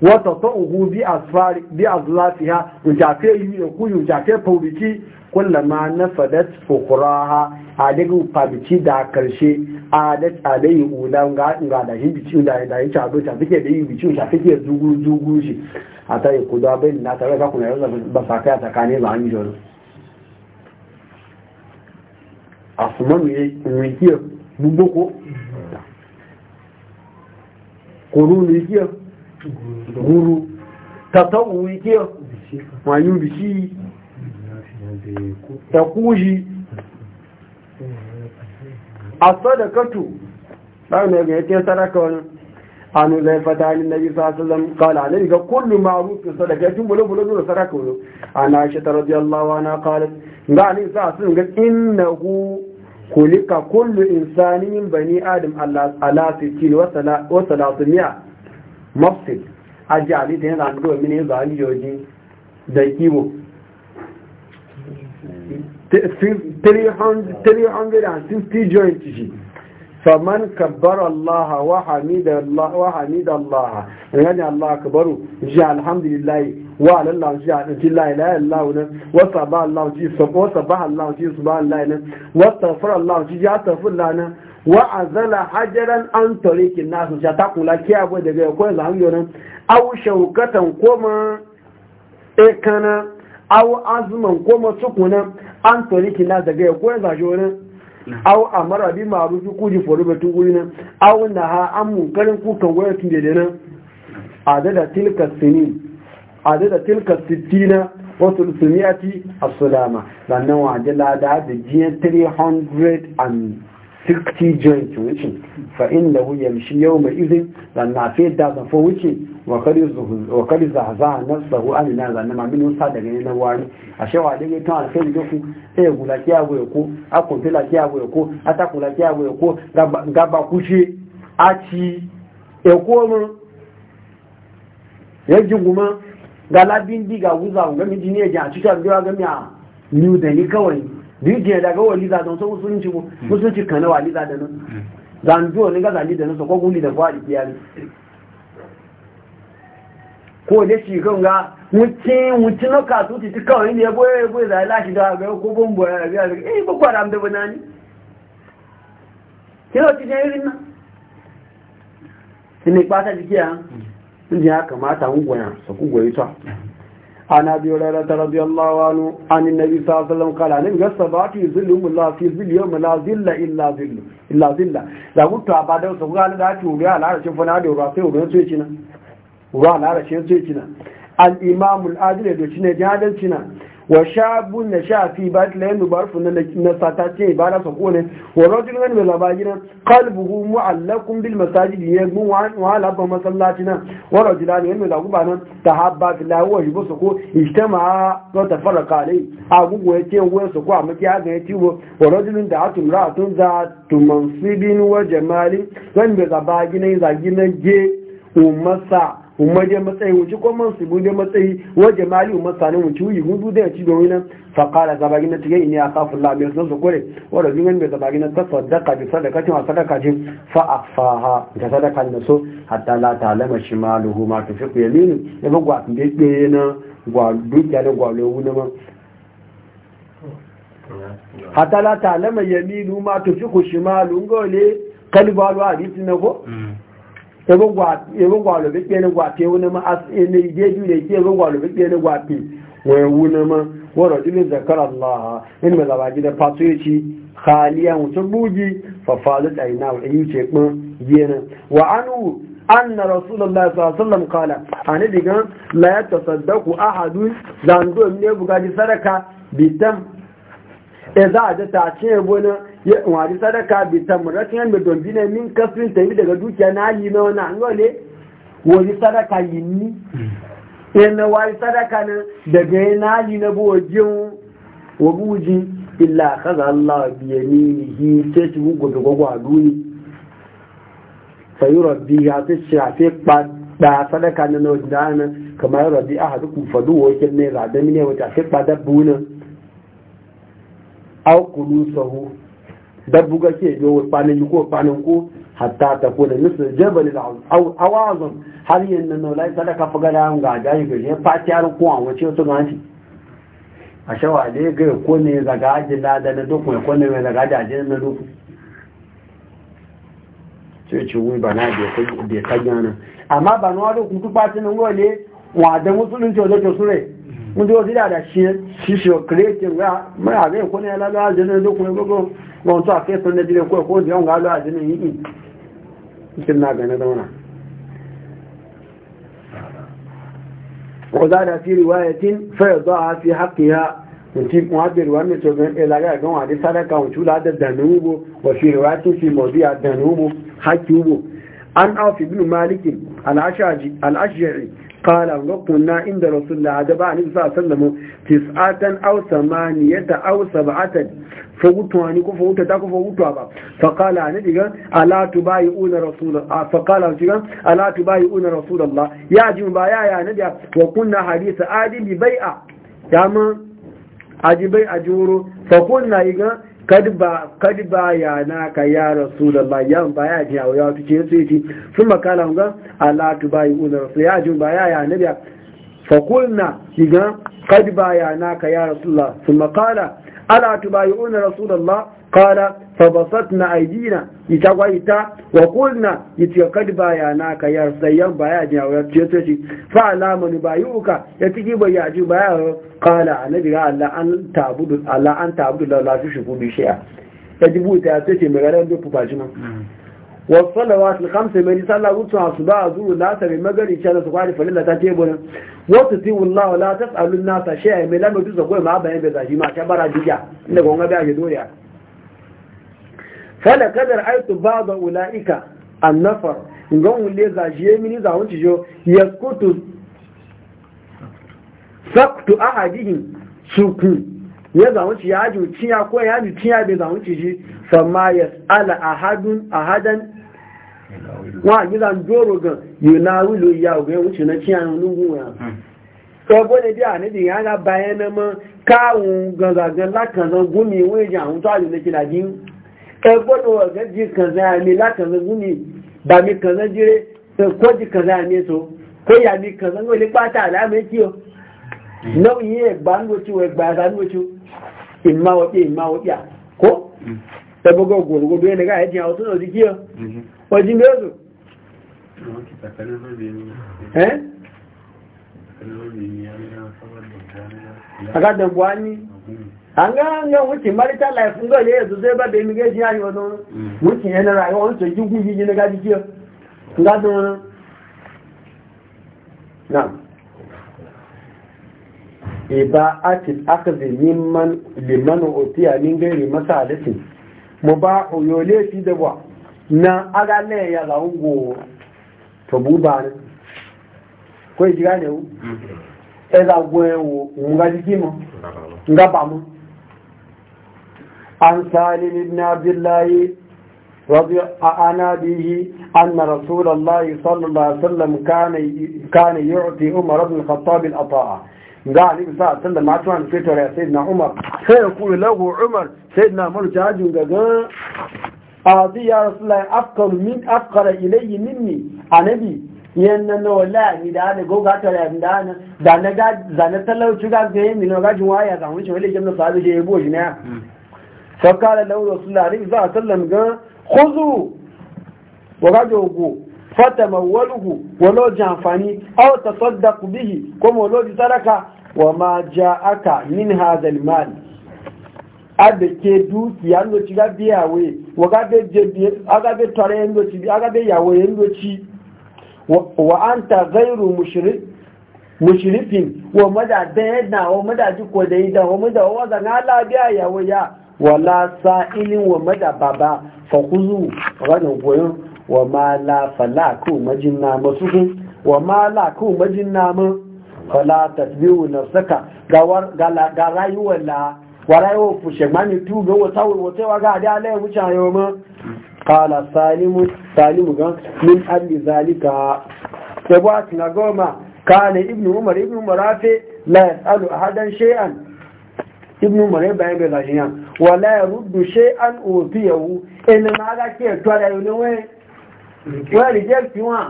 wo to to ta ugu bi asfari bi azlafiha wujafe yi da kuyu wujafe fauriki kullama na fadat fukuraha a daga fabici da karshe a da tsadai ula ga da hin bici da da yi cado ta fike da yi bici ta fike zuguru zuguru shi yi ta yi kudu abin na tare ka kuna yau ba sa ta kane ba an yi jolo Asuman ìrìn kí ẹ gbogbo kó kòrò ní kí ẹ gúrú tàtà òun kí ni nabi sallallahu alaihi wasallam qala alayka kullu ma'ruf sadaqatun bulu bulu sadaqatu ana aisha radhiyallahu ga ne sa sun ga innahu kulika kullu insani min bani adam ala sittin wa salatumiya mafsid aji ali da yana ndo mini ba ali da kiwo 350 joint wa akbaru ji Alhamdulillahi. wa alallahu ji hadin ji la ilaha illahu nan wa sabah allahu ji sabah sabah allahu ji subhanallahi nan wa tafar allahu ji ya tafar lana wa azala hajaran an tariki nasu ja ta kula kiya bo daga ko zan yo nan aw shaukatan koma ekana aw azman koma sukuna an tariki na daga ko zan yo nan aw amara bi ma'rufi kuji forubatu gurina aw naha an munkarin kukan wayatun da nan adada tilka sinin adada tilka sittina wa sulsumiyati as-salama sannan wa adala da da jiyan 360 joint wuce fa in inda hu yamshi yawma idhin sannan fa da da fa wuce wa kari zahaza nafsahu an na zanna ma min sa daga ne na wari a shewa da ne to alfin duku sai gula kiyago ya ko akun fila kiyago ya ko ata kula kiyago ya ko gaba kushe a ci ya ko mun ya jinguma galabin diga wuza ga miji ne ya ci kan biya ga miya ni da ni kawai dije daga wali za don so musulunci mu hmm. musulunci kana wali za da nan hmm. zan zo ne ga zali da nan so ko guli da kwali biya ko da shi kan ga mutin mutin na ka tuti ti kawai ne yabo boye za lashi da ga ko bombo ya ga eh ba kwaram da banani kilo ti ne irin na ne pata dikia inji ya kamata ungwaya su kungwaye ta ana biyu rarata radiyallahu anu an nabi sallallahu alaihi wasallam kala ne ga sabati zillu la fi la zilla illa zillu illa zilla da gutu abada su ga da ci uri ala rashin fana da ruwa sai ruwan sai cina ruwa ala rashin sai cina al imam al adil da cina wa shabun na sha fi ba ta layan dubar funan na sata ce ba na sako ne wa rajul gani mai zaba gina kalbuhu mu'allakun bil masajid ya gun wahala ba masallaci nan wa rajula gani mai zaguba nan ta habba fi lahi wa shigo sako ijtama wa fara alai a gugu ya ce wa sako a maki haka ya cibo wa rajulun da atum ra'atun za tu mansibin wa jamalin wani mai zaba gina zagi na ge umarsa umarje matsayi wuce ko man su bude matsayi waje mali umar sanin wuce wuyi hudu da ya ci domin nan faƙara zabagin na tigai ne a kafin labiyar sun su kore wadda ne mai zabagi na tafa daga bi sadakacin a sadakacin fa'afaha ga sadakan da so hatta la ta lama shi ma luhu ma ta fi kuya lini ya ba gwa ɗaya na gwa dukiya da gwa lewu na ma hatta la ta lama yaminu ma ta fi kushi ma lungo ne kalibalu a na ko mm. ebe gwalo bi kpene gwape wani ma as ene ije ju ne ke ebe gwalo bi kpene gwape wani wuni ma wani ɗin zakar Allah in mai zaba gida fato e ya ci khaliya wuce bugi fafalu da ina wa e yi ce kun yana wa anu anna rasulullahi sallallahu alaihi wasallam kala ani digan la yatasaddaqu ahadun zan do ne bugaji sadaka bitam za a ta ce wani wani sadaka bi tamuratin yan bidon bi ne min kasrin ta yi daga dukiya na yi na wani an gole wani sadaka yi ni yana wani sadaka na daga yi na yi na bojin wabuji illa kaza Allah biya ni yi ta ci gugu da gugu a duni sayi rabbi ya ta fi kpada sadaka na na wajen da kamar rabbi a hadu kufadu wakil ne zaɓe mine wata fi kpada bunan au kulusahu dabbu ga ke yo panin ko kwanan ko hatta ta ko da misal da al awazam har yannan nan lai sadaka faga da an ga jayi ga ya yaro ko an wace to ganci a shawa ne ga ko ne daga ajin da na duk mai ko ne daga ajin na duk ce ce wai bana da ya da kanya nan amma ba na wani kun tuba tunan wale wa da musulunci wajen sure mun zo zira da shi shi shi creative ga ma a zai kone la la jin do kuma gogo mun to a kai sun da dire ko ko da ga la jin yi na ga na da wannan وزاد في رواية فيضاع في حقها mutum wajen ruwan mai tsoron ilaga ga wani sadaka wuce wula da danubu wa fi danubu an afọ malikin qala kunna inda rasulullah da ba ni sa sallamu tis'atan aw samaniyata aw sab'atan fawutwani ko fawuta ta ko fawutwa ba fa qala ni diga ala tubayuna rasulullah fa qala diga ala tubayuna rasulullah ya ji ba ya ya nabi wa kunna hadisa adili bai'a ya ma aji bai aji wuro fa kunna iga Kadiba ya naka ya rasu da ba yan ba ya ji ya fice su yi sun makala hunga alatu ba yi unar rasu ya ji ba ya ya na biya fakulna shiga 'Kadiba ya naka ya rasu da sun makala alatu ba yi unar rasu da ba kala fabasatna aidina ita kwa ita wa kulna ita kad baya na ka yar sayyan baya ne wa ce ce shi fa alama ni bayuka ya tiki baya ji baya qala annabi ga Allah an tabudu Allah an tabudu la fi shuku bi shi'a ya ji buta ya ce me garan da fufa shi ma wa salawat al khams mai sallah wutu asuba azuru la ta mai magari ce da su kwari falilla ta ce bun wa tutiu Allah la tasalun nasa shay'a mai lamu dusa ko ma bayan da zaji ma ta bara jiya inda gonga ba ya doriya kada kadar aitu ba da ula'ika an nafar ngon wule zajiye mini za wuce jo ya kutu saktu ahadihin suku ya za wuce ya ji ciya ko ya ji ciya bai za shi sama ya ala ahadun ahadan wa ji zan doro ga ya ga wuce na ciya na ya ẹgbọ́n a bí àníbì ya ń bayan na mọ́ káwọn gangan lákànlá gómìnà ẹgbọ́dọ̀ ọ̀gẹ́ jí kànzá àmì látàrí gúnmi bàmí kànzá jíre kó kànzá àmì ètò kó yà mí kànzá ní olè pátá àlámé tí ó náà yí ẹgbà ń ẹgbà àgbà ń lóṣù kó ẹgbọ́gọ́ gbòrògbòdó ẹnì káyẹ̀ jẹ́ àwọn tó lọ àgbà wùtí marital life ń mm. ya èso tó bá bèèmí gẹ́ sí àyíwọ̀ tó wùtí ẹni ra àwọn oúnjẹ jígún yìí ní gájí kí ọ gbádùn wọn náà ìbá akìs akìsì níman lèmanu òtí àní fi na aga عن سالم بن عبد الله رضي عن أبيه أن رسول الله صلى الله عليه وسلم كان كان يعطي عمر بن الخطاب الأطاعة قال النبي صلى الله عليه وسلم عن فتر يا سيدنا عمر فيقول له عمر سيدنا عمر جاج أعطي يا رسول الله أفقر من أفقر إلي مني النبي yannan na wallahi da ana goga ta da dana da na ga zane talauci ga ga yin mino ga juwa ya zamu shi wale jama'a sahabi je yebo shi na فقال له رسول الله za a والسلام gan khuzu wa gajo go fata mawaluhu wa lo jamfani aw tasaddaq bihi ko mo lo sadaka wa ma dukiya ndo ga biyawe wa ga be jebi aga be ci yawo ci wa an ta mushrifin wa na wa da wa ya wala sa'ilin wa baba fa kuzu ranar goyon wa ma la falaku ku majin nama suku wa ma la ku majin nama fala tasbihu saka ga rayuwar la wa rayuwar fushe mani tu ga wata wata wa ga da alai wuce yau ma kala salimu gan min alli zalika ya ba goma kala ibnu umar ibnu marafi la a hadan shay'an ابن مريم بين بغاشيا ولا يرد شيئا اوتيه ان ما ذا كي توالا يونو وين وين رجال في وان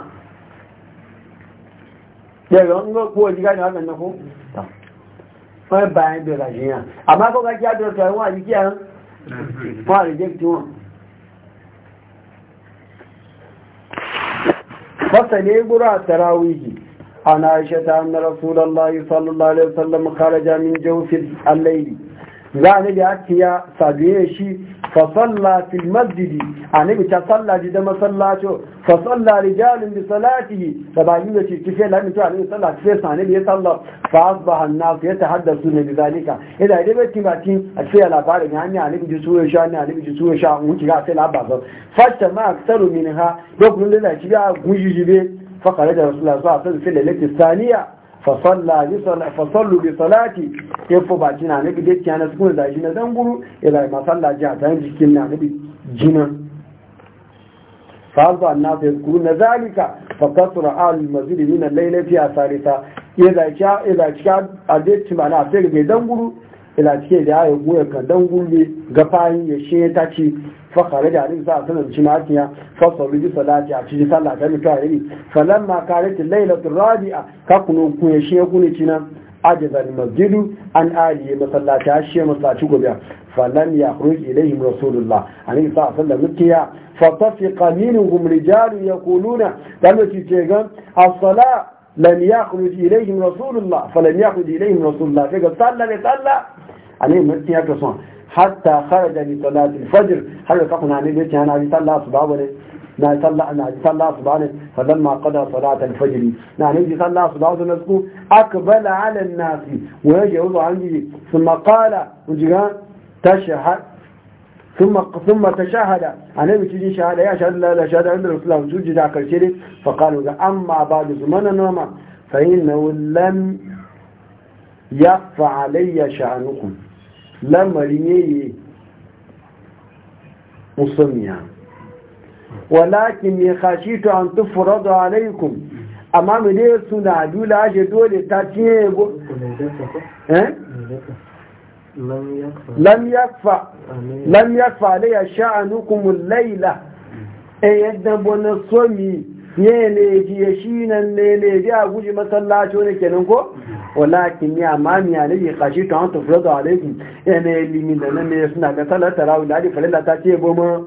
يلون لو كو ديغا نا نا نكو فاي بين بغاشيا اما كو غا كي ادو توالا وان يكي ان وين رجال في وان فصل يقرا تراويح عن عائشة أن رسول الله صلى الله عليه وسلم خرج من جوف الليل zane da ake ya sabiye shi fasalla fil masjidi annabi ta salla da masallacho fasalla rijalun bi salatihi da ba yi wace kife la mutu annabi salla kife sane da ya salla fa asbaha an-nas yatahaddathu bi zalika idan dai bai timati a ce ya labarin hanya annabi ji suwe sha ne annabi ji suwe sha mun kiga sai labarin fatta ma aktaru minha dokun da shi ga gujijibe fa qala da rasulullahi sallallahu alaihi wasallam fil lailati thaniya fasallu bi salati ya ba jina na bide ki na sukun zaji na danguru. ila ma salla ji a tayin jikin na nabi jina fa'azu an na ya na zalika fa fakasura al mazuri min al-lailati asarita ya zai cika a na timana sai ga danguru. ila cike da ya goya ka dan gulle ga fayin ya she ta ce fa kare da alisa sa sanar ci makiya fa sauri bi salati a cikin salla ga mutu a yini falan ma kare ta lailatul rabi'a ka kunu ku ya she ku ne cinan ajaza al masjid an aliye masallaci a she masallaci gobe falan ya khruj ilaihim rasulullah ani sa sallah mutiya fa tafiqa minhum rijal yaquluna dan ci ce gan as-salat lam yakhruj ilayhim rasulullah falam yakhruj ilayhim rasulullah sai ga sallah ne sallah alai mutum ya kaso hatta kharaja li salati al-fajr har ka kuna ne yace ana yi sallah subha bane na sallah ana yi sallah subha ne falamma qada salat al-fajr na ne yi sallah subha da nasku akbala ala ثم ثم تشهد انا بتجي شهاده يا شهاده لا لا شهاده عند الرسول الله سجد اكرشري فقالوا اما بعد زمان نوما فانه لم يقف علي شانكم لم رمي مصميا ولكن خشيت ان تفرض عليكم amma mu dai suna dula shi dole ta ciye eh lam yakfa da ya sha'anukumun laila e yadda bane somi ne ya shi nan ne a guji masallaci wani kenan ko walakin ya e ne kashi ta hantu ya ne da nan ne suna ga salar tarawih da ta ce goma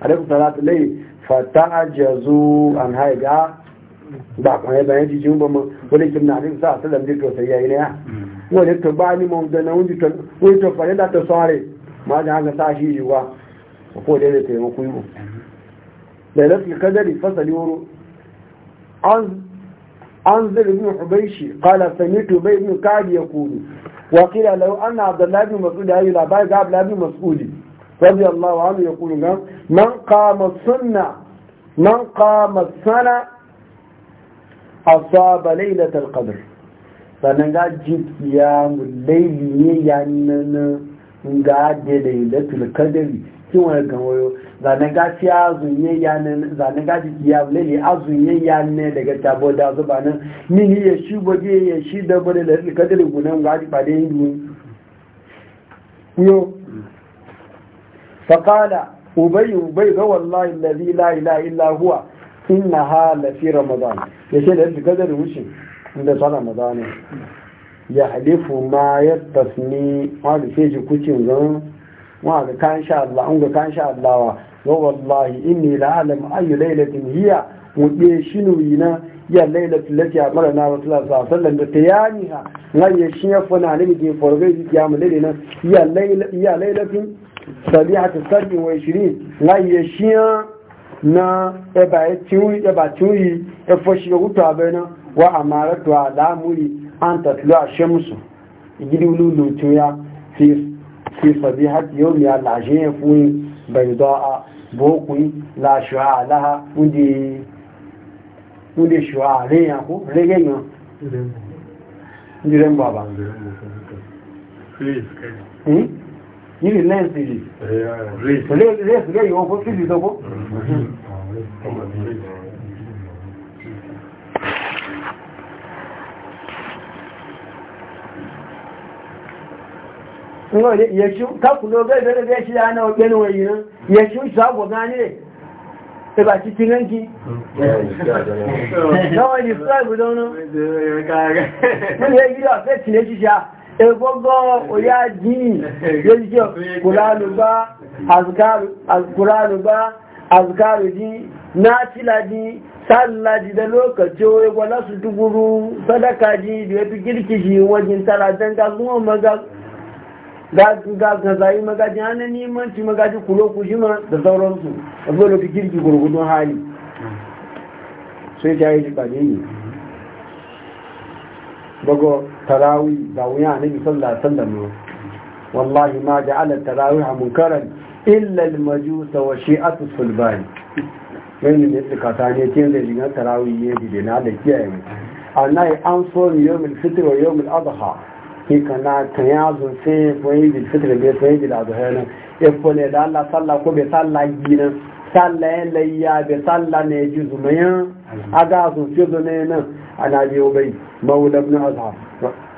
salatu lai fata an haiga ba wọ́n lè tó bá ní mọ̀ ọ̀dọ̀nà oúnjẹ tó fàyẹ́ dátọ̀ sọ́rẹ̀ máa jẹ́ hanga sáà shi yiwuwa a kowane da taimako yi da ya lafi kadari fasali wuro an zira ibn hubaishi kala sami to bai ibn kadi ya kudu wakila lau an abdullahi bin mas'udi ayi labari ga abdullahi bin mas'udi rabbi allah wa ya kudu gan man kama sunna man kama sana asaba lailatul qadr sannan ga jikiya laili ne ya nana ga dele da tulkadari kin wani gawayo zane ga fi azunye ya nana zanen ga jikiya mulaili azunye ya nana daga tabo da zuba nan nini ya shi gwaje ya shi da bane da tulkadari gunan ga ji da yin yo faƙala ubai ubai ga wallahi lazi la ila illa huwa inna ha lafi ramadan ya ce da tulkadari wucin inda tsara mazana ya halifu ma ya tasni ke ji kucin zan wani kan sha Allah an ga kan sha Allah wa wa wallahi inni la alam ayu lailatin hiya mudde shinu yina ya lailatul lati amara na rasulullah sallallahu alaihi wasallam da tayani ha nan ya shi ya fana ne ke forbe ji ya mu lele nan ya laila ya lailatin sabi'atu sabin wa 20 nan ya shi na eba ya tiwi eba tiwi ya foshi ga gutu abena wa amaratu ala muri an tatluwa shamsu gidi lulutu ya fi sabihati yau ya lashe ya fuyi bai a bokun la shuwa alaha wunde shuwa reyan ko regen yan jiren baba yìí lẹ́ǹsì yìí rin rẹ̀ kakulo gai bai gai shi yana wakil wani nan ya shi su hagu gane ta ba ci tinanki kawai ni su hagu daunu wani ya gida a fai tinanki sha egbogbo oya jini ya ji ke kuranu ba azkaru ba azkaru ji natila ji sallah ji e da lokaci ya gwala su tuguru sadaka ji da ya e fi kirkishi wajen tara don gazuwa maga ga zayi magaji hannun nemanci magaji kulo ku jima da sauransu a zuwa lokaci kirki gurgudun hali sai ta yi jibade ne bago tarawi da wuya na bi sallah sallah ne wallahi ma ja'ala tarawi a munkaran illa al-majusa wa shi'atu sulbani yanzu ne suka ta ne kin da jigan tarawi ne da na da kiyaye mu annai an so yawmul fitr wa yawmul adha ki kana kan ya zo sai foyi bi fitre be foyi bi da zo hana e fole da Allah sallah ko be sallah gina sallah ya layya be sallah ne ji zumaya aga zo ce zo ne nan ana bi ubai maula ibn azhar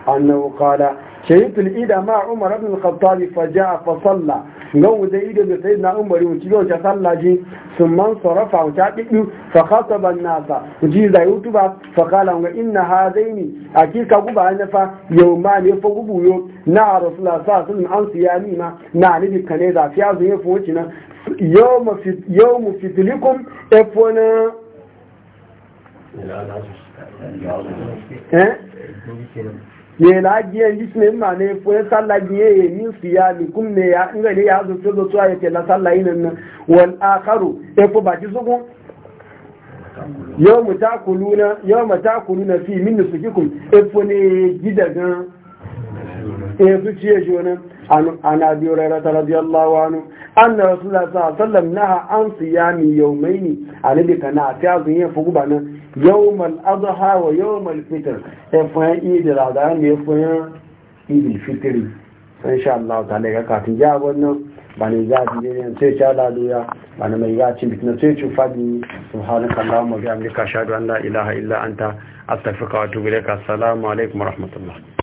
annahu qala شهدت الإيد مع عمر بن الخطاب فجاء فصلى ذا ذيد بسيدنا عمر وكيلو صلى جي ثم انصرف وتعبئ فخطب الناس وجي ذا يوتوبا فقال إن هذين أكيد كبوبا أنفا يومان يفقبوا يوم نا رسول الله صلى الله عليه وسلم عن صيامنا نا نبي كنيزا في عزو يفوتنا يوم في يوم في تلكم افونا لا ne lagiye yisne ma ne fo ya sallagiye ya ni siya ni kum ne ya inga ya zo to zo to ya ke la sallayi nan wal akharu e fo ba ki zugun yawma takuluna yawma takuluna fi min nusukikum e fo ne gidagan e su ciye jonan عن أبي هريرة رضي الله عنه أن رسول الله صلى الله عليه وسلم نهى عن صيام يومين عن ذلك نعتي عظيم فقبنا يوم الأضحى ويوم الفطر إفهان إيد العدان إفهان إيد الفطر فإن شاء الله تعالى كاتن جاوبنا بني ذات جيرين سيش على دويا بني ميغاتي بكنا سيش فادي سبحانك اللهم وبحمدك أشهد أن لا إله إلا أنت أستغفرك وأتوب إليك السلام عليكم ورحمة الله